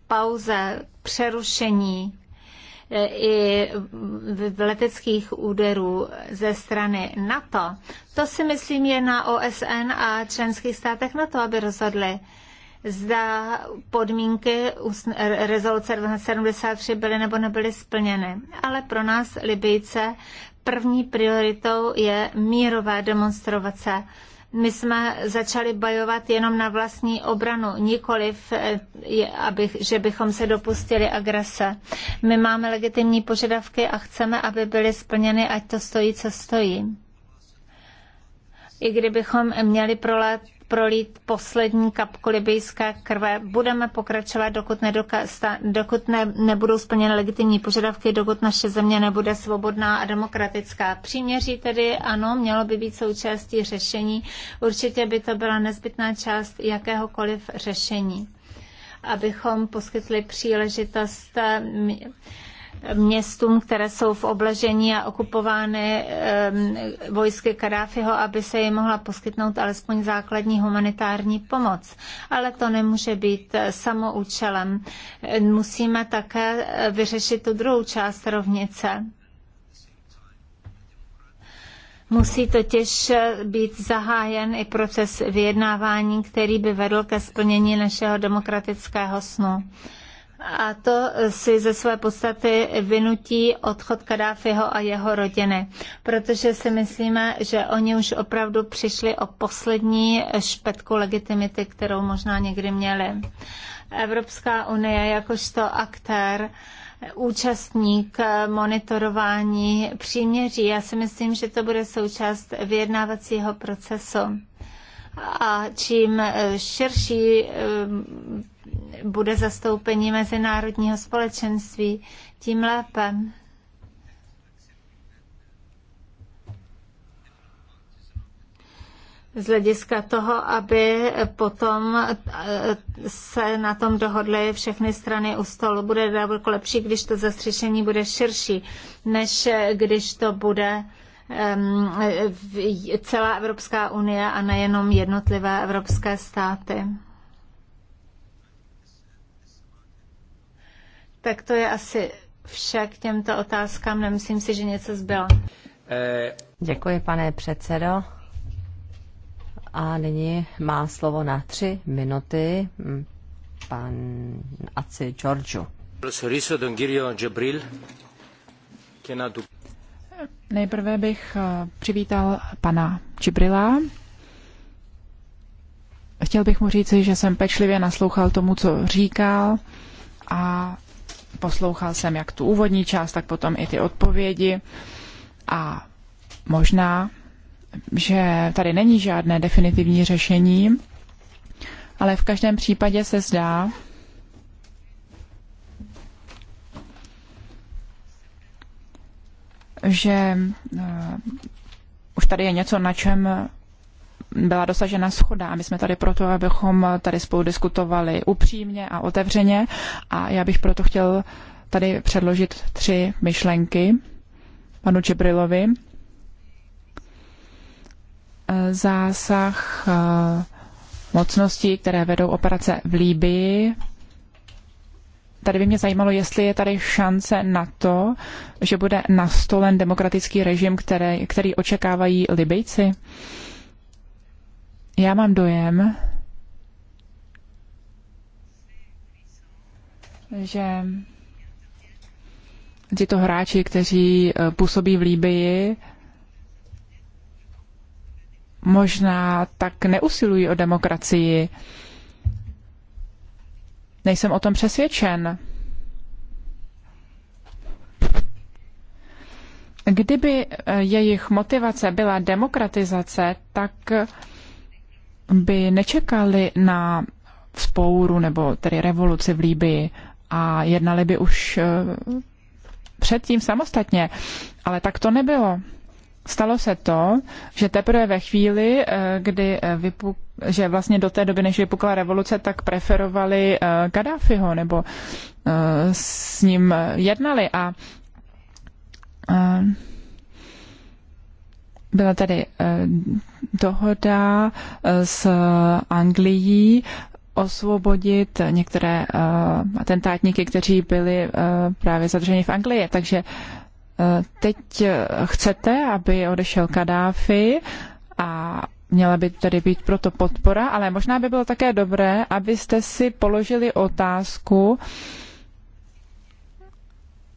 pauze, přerušení i v leteckých úderů ze strany NATO, to si myslím je na OSN a členských státech NATO, aby rozhodli zda podmínky rezoluce 1973 byly nebo nebyly splněny. Ale pro nás, Libijce, první prioritou je mírové demonstrovace my jsme začali bojovat jenom na vlastní obranu, nikoliv, eh, abych, že bychom se dopustili agrese. My máme legitimní požadavky a chceme, aby byly splněny, ať to stojí, co stojí i kdybychom měli prolet prolít poslední kapku libijské krve. Budeme pokračovat, dokud, nedoka- dokud ne, nebudou splněny legitimní požadavky, dokud naše země nebude svobodná a demokratická. Příměří tedy ano, mělo by být součástí řešení. Určitě by to byla nezbytná část jakéhokoliv řešení abychom poskytli příležitost eh, městům, které jsou v obležení a okupovány vojsky Kadáfiho, aby se jim mohla poskytnout alespoň základní humanitární pomoc. Ale to nemůže být samoučelem. Musíme také vyřešit tu druhou část rovnice. Musí totiž být zahájen i proces vyjednávání, který by vedl ke splnění našeho demokratického snu a to si ze své podstaty vynutí odchod Kadáfiho a jeho rodiny, protože si myslíme, že oni už opravdu přišli o poslední špetku legitimity, kterou možná někdy měli. Evropská unie jakožto aktér účastník monitorování příměří. Já si myslím, že to bude součást vyjednávacího procesu a čím eh, širší eh, bude zastoupení mezinárodního společenství, tím lépe. z hlediska toho, aby potom eh, se na tom dohodly všechny strany u stolu. Bude daleko lepší, když to zastřešení bude širší, než když to bude celá Evropská unie a nejenom jednotlivé evropské státy. Tak to je asi vše k těmto otázkám. Nemyslím si, že něco zbylo. Eh. Děkuji, pane předsedo. A nyní má slovo na tři minuty hm, pan Aci Giorgio. Nejprve bych eh, přivítal pana Čibrila. Chtěl bych mu říci, že jsem pečlivě naslouchal tomu, co říkal a poslouchal jsem jak tu úvodní část, tak potom i ty odpovědi. A možná, že tady není žádné definitivní řešení, ale v každém případě se zdá, že eh, už tady je něco, na čem byla dosažena schoda a my jsme tady proto, abychom tady spolu diskutovali upřímně a otevřeně a já bych proto chtěl tady předložit tři myšlenky panu Čebrilovi. Eh, zásah eh, mocností, které vedou operace v Líbii, tady by mě zajímalo, jestli je tady šance na to, že bude nastolen demokratický režim, které, který očekávají Libejci. Já mám dojem, že tito hráči, kteří eh, působí v Libyi, možná tak neusilují o demokracii. Nejsem o tom přesvědčen. Kdyby eh, jejich motivace byla demokratizace, tak by nečekali na vzpouru nebo tedy revoluci v Líbii a jednali by už eh, předtím samostatně. Ale tak to nebylo stalo se to, že teprve ve chvíli, eh, kdy eh, vypuk, že vlastně do té doby, než vypukla revoluce, tak preferovali eh, Gaddafiho nebo s ním jednali a byla tady dohoda s Anglií osvobodit některé atentátníky, kteří byli právě zadrženi v Anglii. Takže Teď eh, chcete, aby odešel Kadáfi a měla by tady být proto podpora, ale možná by bylo také dobré, abyste si položili otázku,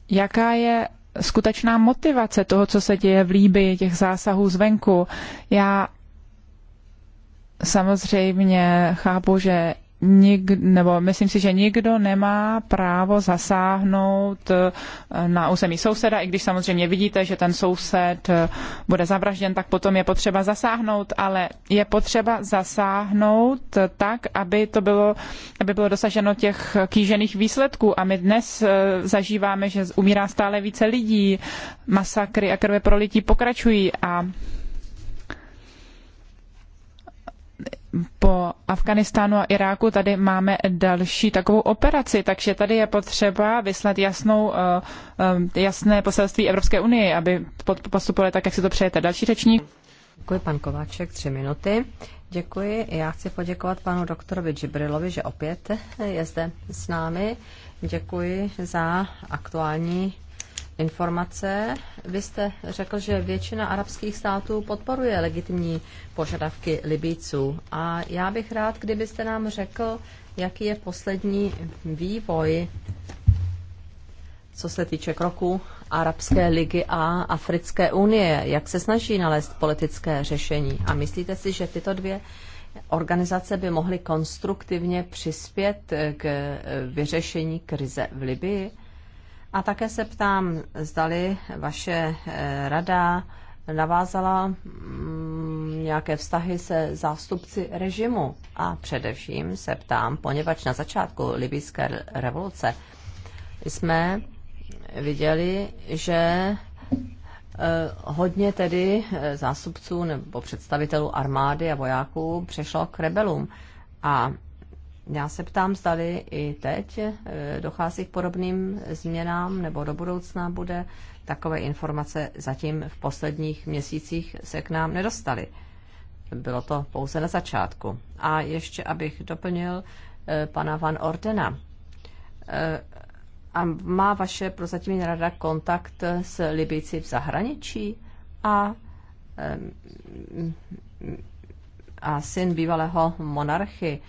jaká je skutečná motivace toho, co se děje v Líbii, těch zásahů zvenku. Já samozřejmě chápu, že Nik, nebo myslím si, že nikdo nemá právo zasáhnout eh, na území souseda, i když samozřejmě vidíte, že ten soused eh, bude zavražděn, tak potom je potřeba zasáhnout, ale je potřeba zasáhnout tak, aby to bylo, aby bylo dosaženo těch kýžených výsledků. A my dnes eh, zažíváme, že umírá stále více lidí, masakry a krve prolití pokračují a po Afganistánu a Iráku tady máme další takovou operaci, takže tady je potřeba vyslat jasnou, eh, eh, jasné poselství Evropské unie, aby postupovali tak, jak si to přejete. Další řečník. Děkuji, pan Kováček, tři minuty. Děkuji. Já chci poděkovat panu doktorovi Džibrilovi, že opět je zde s námi. Děkuji za aktuální informace. Vy jste řekl, že většina arabských států podporuje legitimní požadavky Libíců. A já bych rád, kdybyste nám řekl, jaký je poslední vývoj, co se týče kroku Arabské ligy a Africké unie, jak se snaží nalézt politické řešení. A myslíte si, že tyto dvě organizace by mohly konstruktivně přispět k vyřešení krize v Libii? A také se ptám, zdali vaše eh, rada navázala mm, nějaké vztahy se zástupci režimu. A především se ptám, poněvadž na začátku libijské revoluce jsme viděli, že eh, hodně tedy eh, zástupců nebo představitelů armády a vojáků přešlo k rebelům. A já se ptám, zdali i teď eh, dochází k podobným změnám, nebo do budoucna bude. Takové informace zatím v posledních měsících se k nám nedostaly. Bylo to pouze na začátku. A ještě, abych doplnil eh, pana Van Ordena. Eh, a má vaše prozatímní rada kontakt s Libici v zahraničí? A a syn bývalého monarchy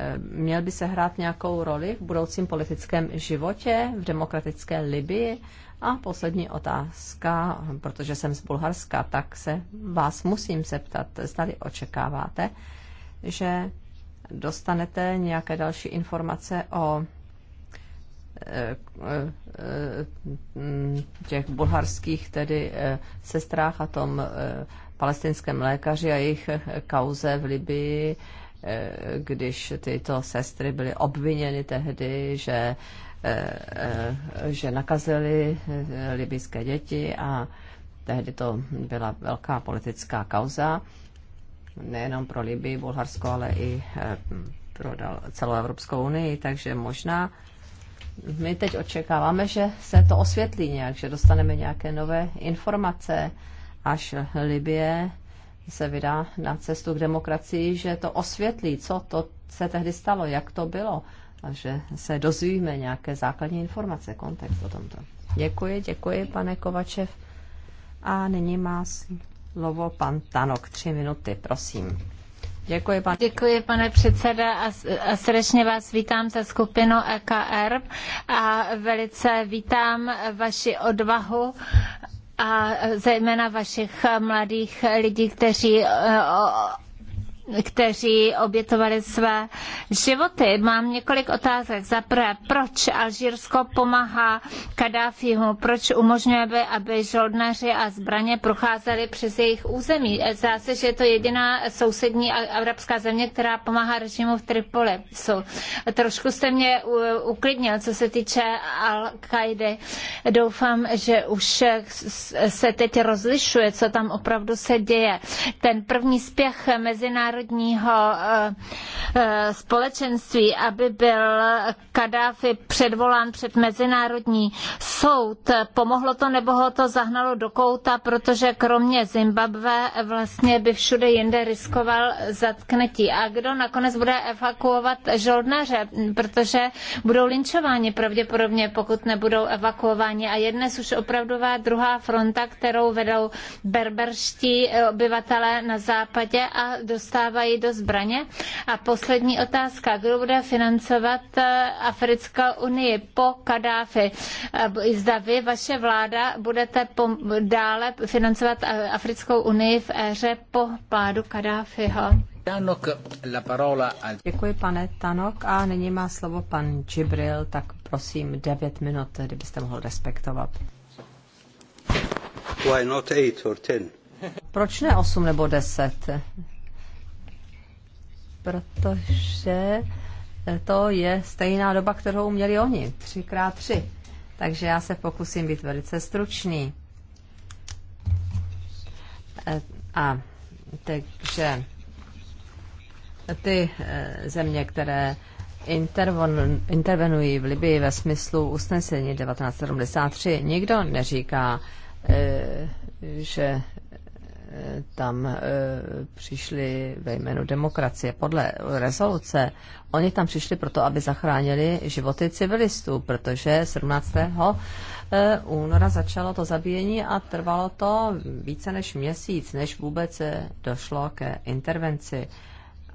Eh, měl by se hrát nějakou roli v budoucím politickém životě v demokratické Libii? A poslední otázka, protože jsem z Bulharska, tak se vás musím zeptat, zdali očekáváte, že dostanete nějaké další informace o eh, eh, těch bulharských tedy sestrách a tom palestinském lékaři a jejich kauze v Libii Eh, když tyto sestry byly obviněny tehdy, že, eh, eh, že nakazily libyské děti a tehdy to byla velká politická kauza, nejenom pro Libii, Bulharsko, ale i pro celou Evropskou unii, takže možná my teď očekáváme, že se to osvětlí nějak, že dostaneme nějaké nové informace, až Libie se vydá na cestu k demokracii, že to osvětlí, co to se tehdy stalo, jak to bylo a že se dozvíme nějaké základní informace, kontext o tomto. Děkuji, děkuji, pane Kovačev. A nyní má slovo pan Tanok. Tři minuty, prosím. Děkuji, pan... Děkuji, pane předseda, a, a srdečně vás vítám za skupinu EKR a velice vítám vaši odvahu a zejména vašich mladých lidí, kteří eh, kteří obětovali své životy. Mám několik otázek. Za prvé, proč Alžírsko pomáhá Kadáfimu? Proč umožňuje, by, aby žoldnaři a zbraně procházeli přes jejich území? Zdá se, že je to jediná sousední arabská země, která pomáhá režimu v Tripolisu. Trošku jste mě uklidnil, co se týče Al-Kaidy. Doufám, že už se teď rozlišuje, co tam opravdu se děje. Ten první spěch mezinárodní mezinárodního eh, eh, společenství, aby byl Kadáfi předvolán před mezinárodní soud. Pomohlo to nebo ho to zahnalo do kouta, protože kromě Zimbabwe vlastně by všude jinde riskoval zatknutí. A kdo nakonec bude evakuovat žoldnaře, protože budou linčováni pravděpodobně, pokud nebudou evakuováni. A je dnes už opravdová druhá fronta, kterou vedou berberští obyvatelé na západě a dostávají dostávají do zbraně? A poslední otázka, kdo bude financovat eh, Africká unii po Kadáfi? Eh, zda vy, vaše vláda, budete dále financovat eh, Africkou unii v éře po pádu Kadáfiho? Děkuji, pane Tanok. A nyní má slovo pan Džibril, tak prosím, devět minut, kdybyste mohl respektovat. Why not eight or ten? Proč ne osm nebo deset? protože eh, to je stejná doba, kterou měli oni, třikrát tři. Takže já se pokusím být velice stručný. Eh, a takže ty eh, země, které intervenují v Libii ve smyslu usnesení 1973, nikdo neříká, že tam eh, přišli ve jménu demokracie. Podle rezoluce oni tam přišli proto, aby zachránili životy civilistů, protože 17. Eh, února začalo to zabíjení a trvalo to více než měsíc, než vůbec eh, došlo ke intervenci.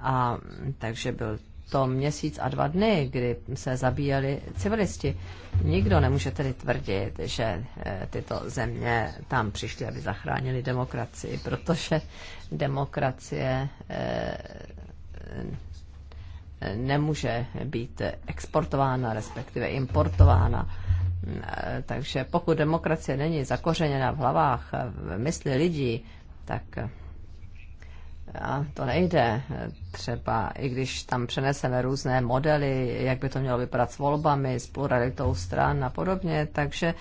A takže byl to měsíc a dva dny, kdy se zabíjeli civilisti. Nikdo nemůže tedy tvrdit, že eh, tyto země tam přišly, aby zachránili demokracii, protože demokracie eh, nemůže být exportována, respektive importována. Eh, takže pokud demokracie není zakořeněna v hlavách, v mysli lidí, tak a to nejde. Třeba i když tam přeneseme různé modely, jak by to mělo vypadat s volbami, s pluralitou stran a podobně. Takže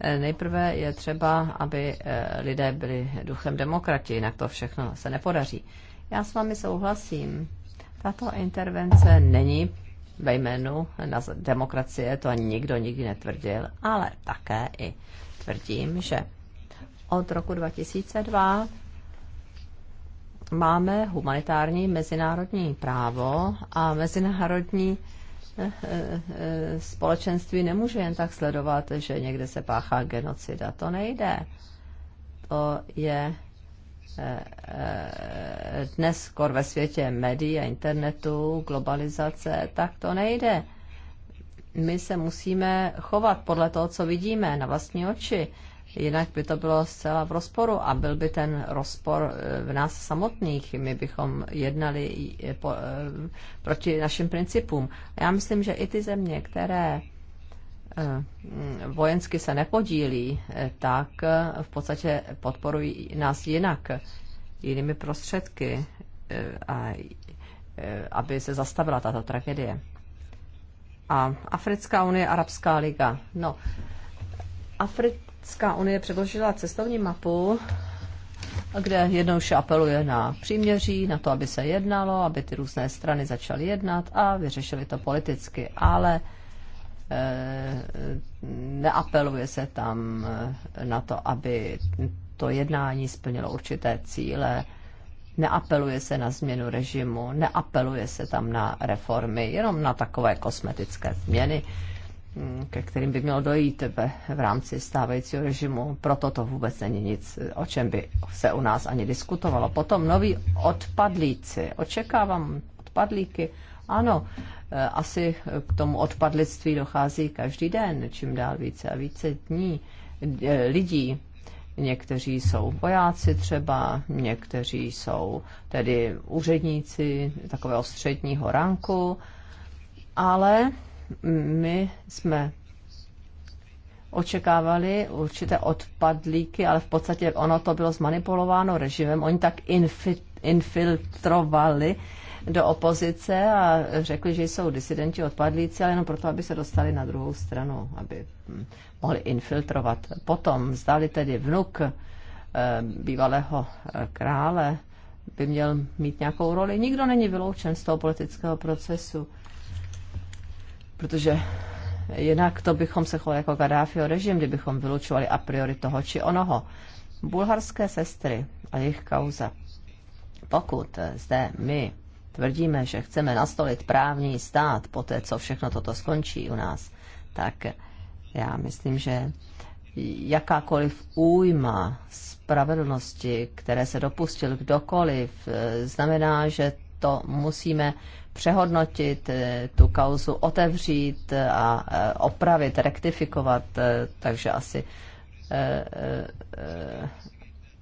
eh, nejprve je třeba, aby eh, lidé byli duchem demokrati, jinak to všechno se nepodaří. Já s vámi souhlasím. Tato intervence není ve jménu na demokracie, to nikdo nikdy netvrdil, ale také i tvrdím, že od roku 2002 máme humanitární mezinárodní právo a mezinárodní eh, eh, eh, společenství nemůže jen tak sledovat, že někde se páchá genocida. To nejde. To je dnes skor ve světě médií a internetu, globalizace, tak to nejde. My se musíme chovat podle toho, co vidíme na vlastní oči jinak by to bylo zcela v rozporu a byl by ten rozpor eh, v nás samotných. My bychom jednali eh, eh, proti našim principům. Já myslím, že i ty země, které mm, vojensky se nepodílí, tak v podstatě podporují nás jinak, jinými prostředky, a, aby se zastavila tato tragédie. A Africká unie, Arabská liga. No, Afri- Evropská unie předložila cestovní mapu, kde jednou apeluje na příměří, na to, aby se jednalo, aby ty různé strany začaly jednat a vyřešili to politicky. Ale eh, neapeluje se tam eh, na to, aby to jednání splnilo určité cíle, neapeluje se na změnu režimu, neapeluje se tam na reformy, jenom na takové kosmetické změny ke kterým by mělo dojít v rámci stávajícího režimu. Proto to vůbec není nic, o čem by se u nás ani diskutovalo. Potom noví odpadlíci. Očekávám odpadlíky. Ano, e, asi k tomu odpadlictví dochází každý den, čím dál více a více dní e, lidí. Někteří jsou vojáci třeba, někteří jsou tedy úředníci takového středního ranku, ale my jsme očekávali určité odpadlíky, ale v podstatě ono to bylo zmanipulováno režimem. Oni tak infiltrovali do opozice a řekli, že jsou disidenti odpadlíci, ale jenom proto, aby se dostali na druhou stranu, aby hm, mohli infiltrovat. Potom zdali tedy vnuk eh, bývalého eh, krále by měl mít nějakou roli. Nikdo není vyloučen z toho politického procesu protože jinak to bychom se chovali jako Gaddafiho režim, kdybychom vylučovali a priori toho či onoho. Bulharské sestry a jejich kauza. Pokud zde my tvrdíme, že chceme nastolit právní stát po té, co všechno toto skončí u nás, tak já myslím, že jakákoliv újma spravedlnosti, které se dopustil kdokoliv, e, znamená, že to musíme přehodnotit eh, tu kauzu, otevřít a eh, opravit, rektifikovat, eh, takže asi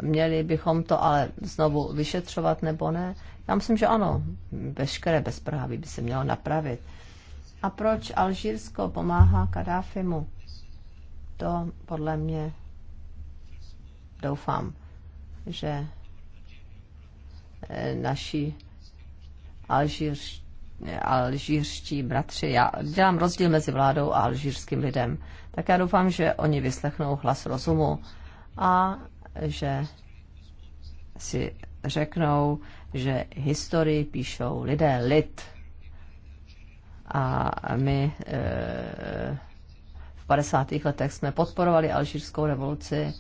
měli bychom to ale znovu vyšetřovat nebo ne. Já myslím, že ano, veškeré bezpráví by se mělo napravit. A proč Alžírsko pomáhá Kadáfimu? To podle mě doufám, že naši Alžířští alžírští bratři. Já dělám rozdíl mezi vládou a alžírským lidem. Tak já doufám, že oni vyslechnou hlas rozumu a že si řeknou, že historii píšou lidé, lid. A my e, v 50. letech jsme podporovali alžírskou revoluci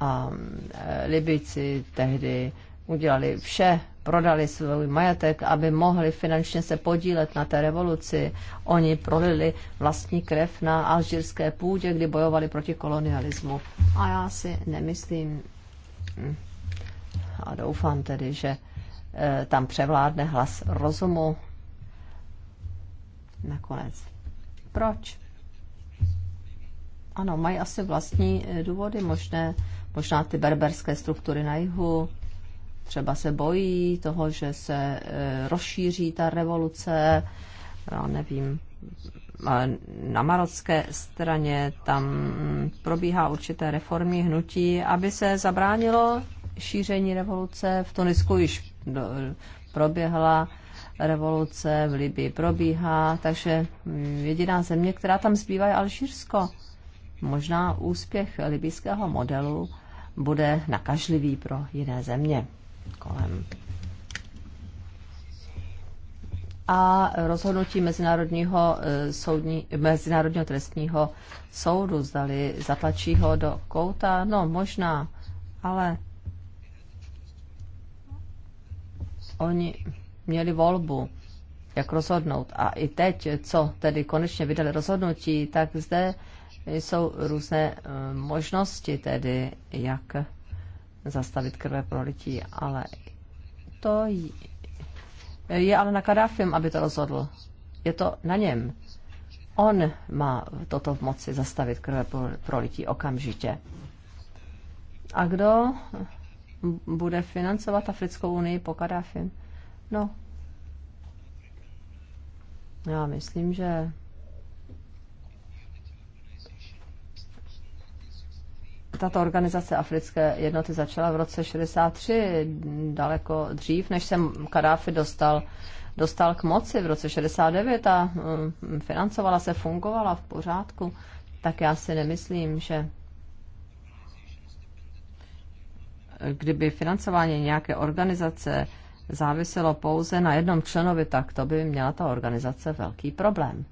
a e, Libici tehdy udělali vše, prodali svůj majetek, aby mohli finančně se podílet na té revoluci. Oni prolili vlastní krev na alžírské půdě, kdy bojovali proti kolonialismu. A já si nemyslím a doufám tedy, že e, tam převládne hlas rozumu. Nakonec. Proč? Ano, mají asi vlastní e, důvody možné, možná ty berberské struktury na jihu, třeba se bojí toho, že se eh, rozšíří ta revoluce, já nevím, na marocké straně tam probíhá určité reformní hnutí, aby se zabránilo šíření revoluce. V Tunisku již proběhla revoluce, v Libii probíhá, takže mm, jediná země, která tam zbývá, je Alžírsko. Možná úspěch libijského modelu bude nakažlivý pro jiné země kolem. A rozhodnutí Mezinárodního, eh, soudní, Mezinárodního trestního soudu, zdali zatlačí ho do kouta, no možná, ale oni měli volbu, jak rozhodnout. A i teď, co tedy konečně vydali rozhodnutí, tak zde jsou různé eh, možnosti tedy, jak zastavit krve prolití, ale to je ale na Kadáfim, aby to rozhodl. Je to na něm. On má toto v moci zastavit krve prolití okamžitě. A kdo bude financovat Africkou unii po Kadáfim? No, já myslím, že tato organizace Africké jednoty začala v roce 63, daleko dřív, než se Kadáfi dostal, dostal k moci v roce 69 a mm, financovala se, fungovala v pořádku, tak já si nemyslím, že kdyby financování nějaké organizace záviselo pouze na jednom členovi, tak to by měla ta organizace velký problém.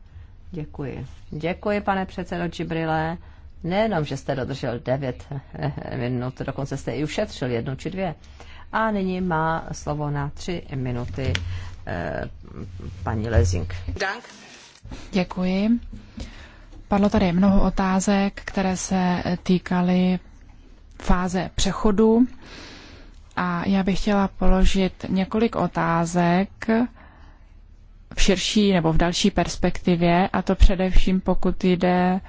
Děkuji. Děkuji, pane předsedo Čibrilé. Nejenom, že jste dodržel 9 minut, dokonce jste i ušetřil jednu či dvě. A nyní má slovo na tři minuty eh, paní Lezing. Dank. Děkuji. Padlo tady mnoho otázek, které se týkaly fáze přechodu. A já bych chtěla položit několik otázek v širší nebo v další perspektivě, a to především pokud jde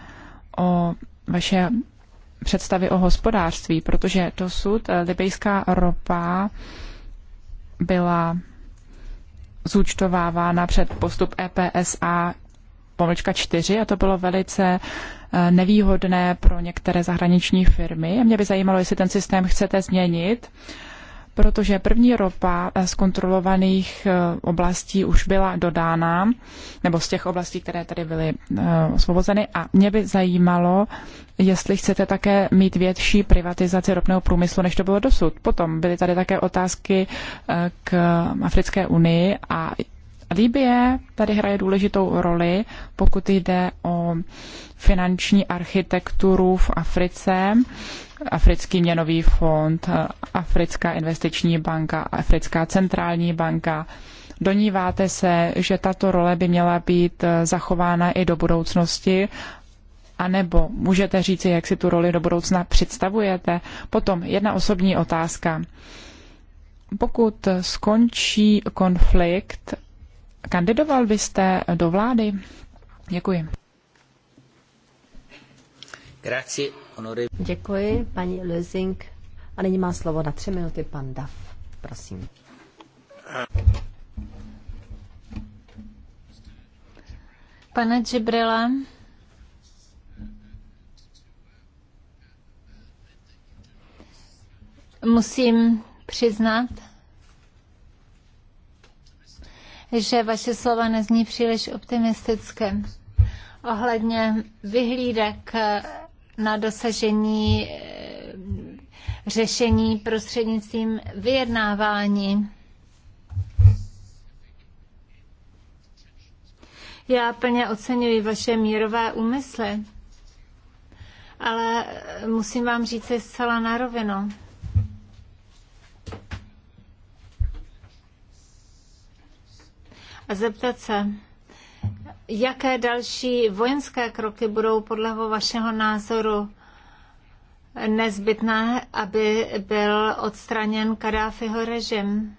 o vaše představy o hospodářství, protože dosud eh, libejská ropa byla zúčtovávána před postup EPSA pomlčka 4 a to bylo velice eh, nevýhodné pro některé zahraniční firmy. A mě by zajímalo, jestli ten systém chcete změnit protože první ropa eh, z kontrolovaných eh, oblastí už byla dodána, nebo z těch oblastí, které tady byly eh, osvobozeny. A mě by zajímalo, jestli chcete také mít větší privatizaci ropného průmyslu, než to bylo dosud. Potom byly tady také otázky k Africké unii a Libie tady hraje důležitou roli, pokud jde o finanční architekturu v Africe, Africký měnový fond, Africká investiční banka, Africká centrální banka. Doníváte se, že tato role by měla být zachována i do budoucnosti a nebo můžete říci, jak si tu roli do budoucna představujete? Potom jedna osobní otázka. Pokud skončí konflikt Kandidoval byste do vlády? Děkuji. Děkuji, paní Lezing. A nyní má slovo na tři minuty pan Dav. Prosím. Pane Džibrila, musím přiznat, že vaše slova nezní příliš optimistické ohledně vyhlídek eh, na dosažení eh, řešení prostřednictvím vyjednávání. Já plně oceňuji vaše mírové úmysly, ale eh, musím vám říct zcela na rovinu. zeptat se, jaké další vojenské kroky budou podle vašeho názoru nezbytné, aby byl odstraněn Kadáfiho režim.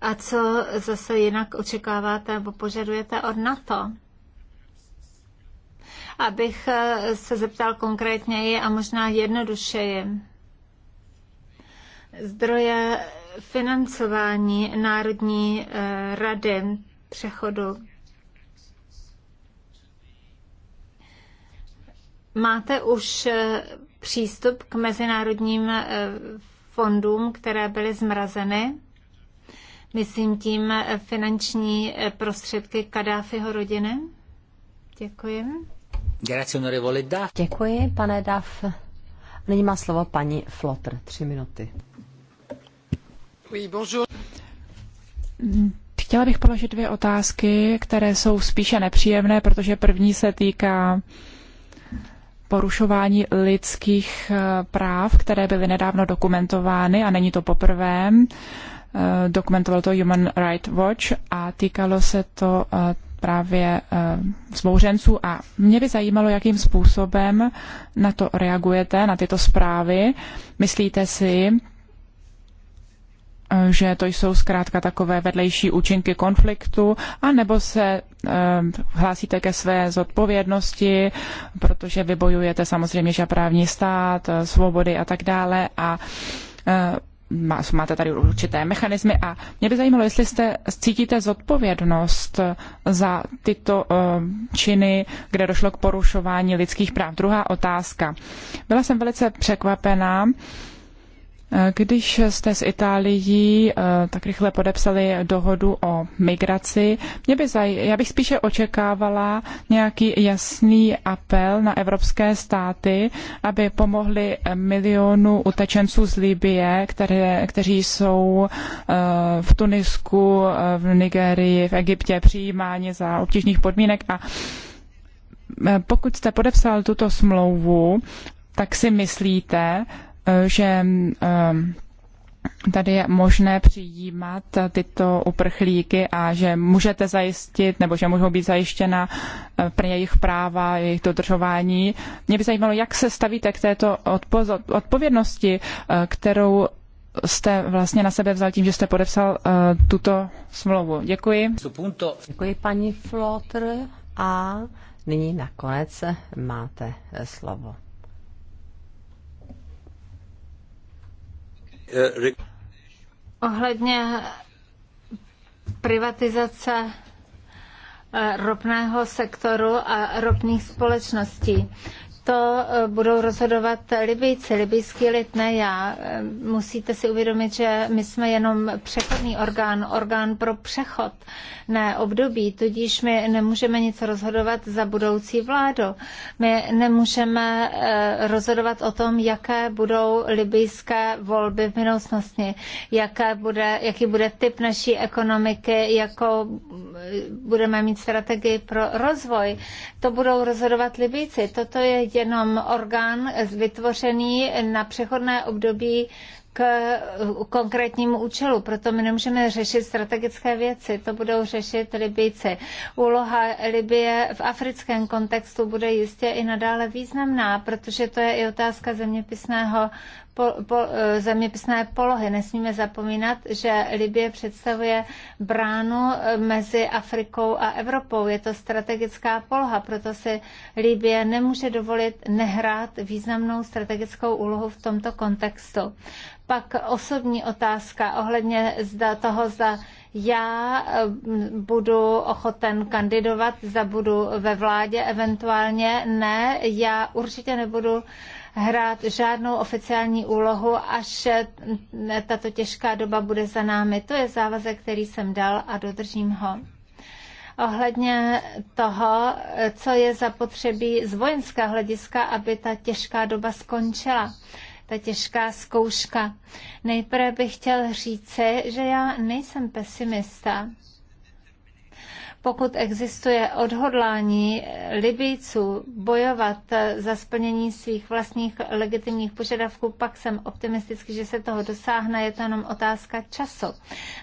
A co zase jinak očekáváte nebo požadujete od NATO? abych eh, se zeptal konkrétněji a možná jednodušeji. Zdroje financování Národní eh, rady přechodu. Máte už eh, přístup k mezinárodním fondům, které byly zmrazeny? Myslím tím finanční prostředky Kadáfiho rodiny. Děkuji. Děkuji, pane Daf. Nyní má slovo paní Flotter. Tři minuty. Chtěla bych položit dvě otázky, které jsou spíše nepříjemné, protože první se týká porušování lidských eh, práv, které byly nedávno dokumentovány a není to poprvé. Eh, Dokumentoval to Human Rights Watch a týkalo se to eh, právě eh, zbouřenců a mě by zajímalo, jakým způsobem na to reagujete, na tyto zprávy. Myslíte si, eh, že to jsou zkrátka takové vedlejší účinky konfliktu, anebo se eh, hlásíte ke své zodpovědnosti, protože vybojujete samozřejmě že právní stát, svobody a tak dále a máte tady určité mechanismy a mě by zajímalo, jestli jste, cítíte zodpovědnost za tyto eh, činy, kde došlo k porušování lidských práv. Druhá otázka. Byla jsem velice překvapená, když jste s Itálií eh, tak rychle podepsali dohodu o migraci, mě by zaj- já bych spíše očekávala nějaký jasný apel na evropské státy, aby pomohli milionu utečenců z Libie, které, kteří jsou eh, v Tunisku, eh, v Nigerii, v Egyptě přijímáni za obtížných podmínek a pokud jste podepsal tuto smlouvu, tak si myslíte, že ehm, tady je možné přijímat tyto uprchlíky a že můžete zajistit, nebo že mohou být zajištěna eh, pro jejich práva, jejich dodržování. Mě by zajímalo, jak se stavíte k této odpovědnosti, eh, kterou jste vlastně na sebe vzal tím, že jste podepsal eh, tuto smlouvu. Děkuji. Děkuji, paní Flotr. A nyní nakonec máte slovo. Ohledně privatizace eh, ropného sektoru a ropných společností to eh, budou rozhodovat Libyjci, libijský lid, ne já. Eh, musíte si uvědomit, že my jsme jenom přechodný orgán, orgán pro přechod, ne období, tudíž my nemůžeme nic rozhodovat za budoucí vládu. My nemůžeme eh, rozhodovat o tom, jaké budou libijské volby v minulosti, jaké bude, jaký bude typ naší ekonomiky, jako budeme mít strategii pro rozvoj. To budou rozhodovat Libijci. Toto je jenom orgán vytvořený na přechodné období k konkrétnímu účelu. Proto my nemůžeme řešit strategické věci, to budou řešit Libijci. Úloha Libie v africkém kontextu bude jistě i nadále významná, protože to je i otázka zeměpisného po, po, eh, zeměpisné polohy. Nesmíme zapomínat, že Libie představuje bránu eh, mezi Afrikou a Evropou. Je to strategická poloha, proto si Libie nemůže dovolit nehrát významnou strategickou úlohu v tomto kontextu. Pak osobní otázka ohledně zda toho, zda já eh, budu ochoten kandidovat, zda budu ve vládě eventuálně. Ne, já určitě nebudu hrát žádnou oficiální úlohu, až tato těžká doba bude za námi. To je závazek, který jsem dal a dodržím ho ohledně toho, co je zapotřebí z vojenského hlediska, aby ta těžká doba skončila, ta těžká zkouška. Nejprve bych chtěl říci, že já nejsem pesimista pokud existuje odhodlání Libijců bojovat za splnění svých vlastních legitimních požadavků, pak jsem optimistický, že se toho dosáhne. Je to jenom otázka času.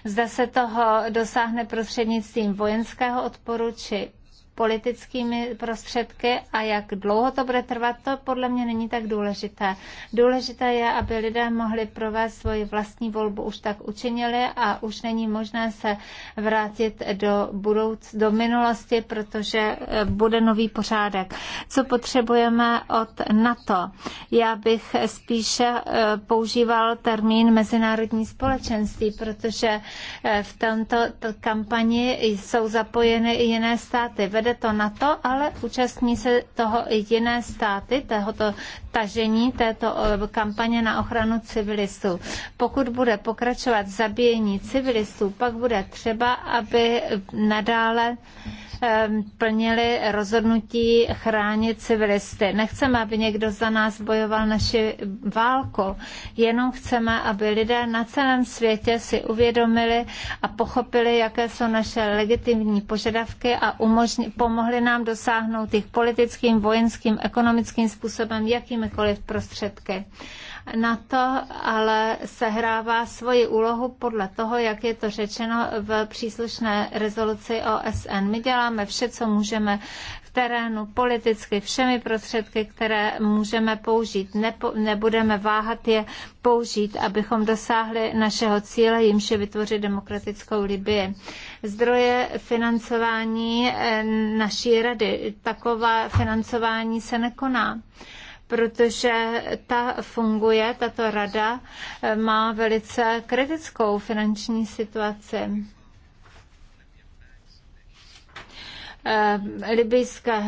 Zda se toho dosáhne prostřednictvím vojenského odporu či politickými prostředky a jak dlouho to bude trvat, to podle mě není tak důležité. Důležité je, aby lidé mohli provést svoji vlastní volbu, už tak učinili a už není možné se vrátit do, budouc, do minulosti, protože eh, bude nový pořádek. Co potřebujeme od NATO? Já bych spíše eh, používal termín mezinárodní společenství, protože eh, v tomto kampani jsou zapojeny i jiné státy vede to na to, ale účastní se toho i jiné státy, tohoto tažení této eh, kampaně na ochranu civilistů. Pokud bude pokračovat zabíjení civilistů, pak bude třeba, aby nadále ehm, plnili rozhodnutí chránit civilisty. Nechceme, aby někdo za nás bojoval naši válku, jenom chceme, aby lidé na celém světě si uvědomili a pochopili, jaké jsou naše legitimní požadavky a umožni, pomohli nám dosáhnout jich politickým, vojenským, ekonomickým způsobem, jakým jakýmikoliv prostředky. Na to ale sehrává svoji úlohu podle toho, jak je to řečeno v příslušné rezoluci OSN. My děláme vše, co můžeme v terénu, politicky, všemi prostředky, které můžeme použít. Nepo, nebudeme váhat je použít, abychom dosáhli našeho cíle, jimž je vytvořit demokratickou Libii. Zdroje financování eh, naší rady. Taková financování se nekoná protože ta funguje, tato rada eh, má velice kritickou finanční situaci. Eh, libijské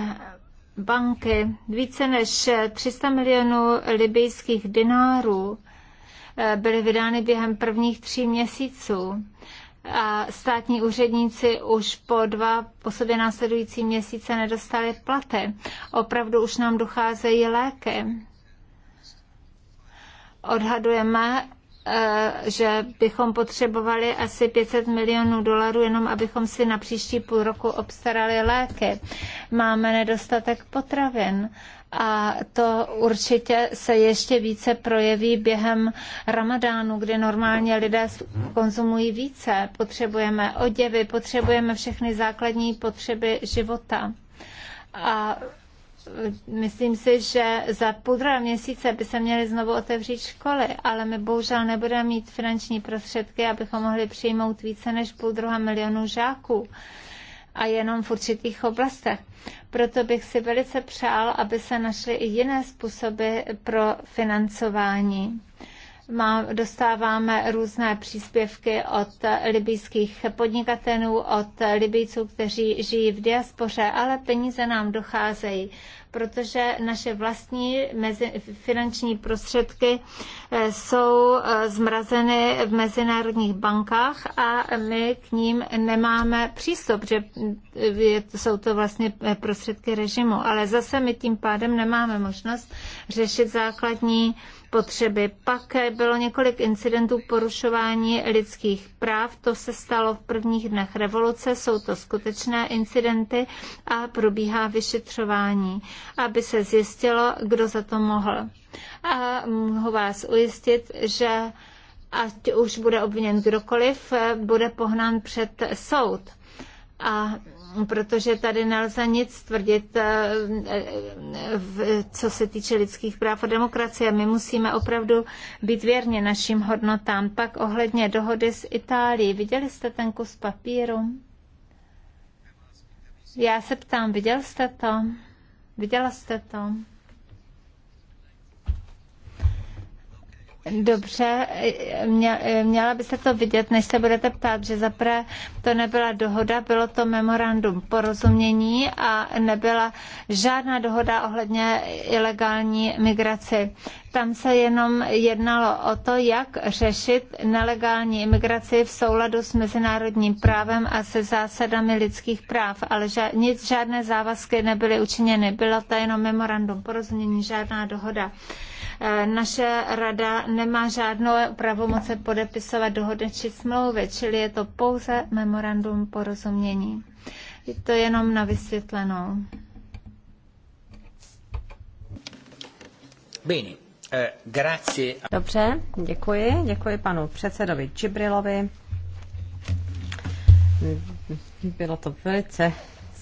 banky více než 300 milionů libijských dinárů eh, byly vydány během prvních tří měsíců a státní úředníci už po dva po sobě následující měsíce nedostali platy. Opravdu už nám docházejí léky. Odhadujeme, eh, že bychom potřebovali asi 500 milionů dolarů, jenom abychom si na příští půl roku obstarali léky. Máme nedostatek potravin a to určitě se ještě více projeví během ramadánu, kdy normálně lidé konzumují více. Potřebujeme oděvy, potřebujeme všechny základní potřeby života. A myslím si, že za půl druhé měsíce by se měly znovu otevřít školy, ale my bohužel nebudeme mít finanční prostředky, abychom mohli přijmout více než půl druhá milionů žáků a jenom v určitých oblastech. Proto bych si velice přál, aby se našly i jiné způsoby pro financování. Má, dostáváme různé příspěvky od libijských podnikatelů, od libijců, kteří žijí v diaspoře, ale peníze nám docházejí protože naše vlastní mezi, finanční prostředky eh, jsou eh, zmrazeny v mezinárodních bankách a my k ním nemáme přístup, že eh, jsou to vlastně prostředky režimu. Ale zase my tím pádem nemáme možnost řešit základní potřeby. Pak bylo několik incidentů porušování lidských práv. To se stalo v prvních dnech revoluce. Jsou to skutečné incidenty a probíhá vyšetřování aby se zjistilo, kdo za to mohl. A mohu vás ujistit, že ať už bude obviněn kdokoliv, bude pohnán před soud. A protože tady nelze nic tvrdit, eh, co se týče lidských práv a demokracie. My musíme opravdu být věrně našim hodnotám. Pak ohledně dohody s Itálií. Viděli jste ten kus papíru? Já se ptám, viděl jste to? Viděla jste to? dobře, měla by se to vidět, než se budete ptát, že zaprvé to nebyla dohoda, bylo to memorandum porozumění a nebyla žádná dohoda ohledně ilegální migraci. Tam se jenom jednalo o to, jak řešit nelegální imigraci v souladu s mezinárodním právem a se zásadami lidských práv, ale ža- nic, žádné závazky nebyly učiněny. Bylo to jenom memorandum porozumění, žádná dohoda. Eh, naše rada nemá žádnou pravomoce podepisovat dohody či smlouvy, čili je to pouze memorandum porozumění. Je to jenom na vysvětlenou. Bene. Eh, Dobře, děkuji. Děkuji panu předsedovi Čibrilovi. Bylo to velice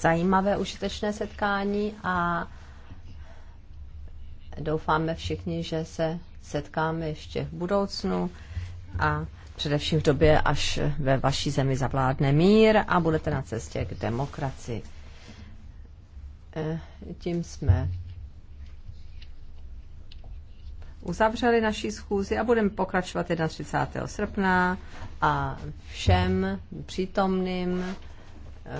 zajímavé, užitečné setkání a doufáme všichni, že se setkáme ještě v budoucnu a především v době, až ve vaší zemi zavládne mír a budete na cestě k demokracii. Eh, tím jsme uzavřeli naší schůzi a budeme pokračovat 31. srpna a všem přítomným eh,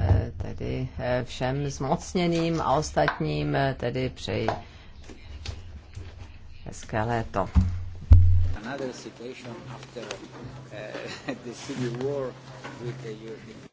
Eh, tedy eh, všem zmocněným a ostatním eh, tedy přeji hezké léto. Another situation after uh, the civil war with the European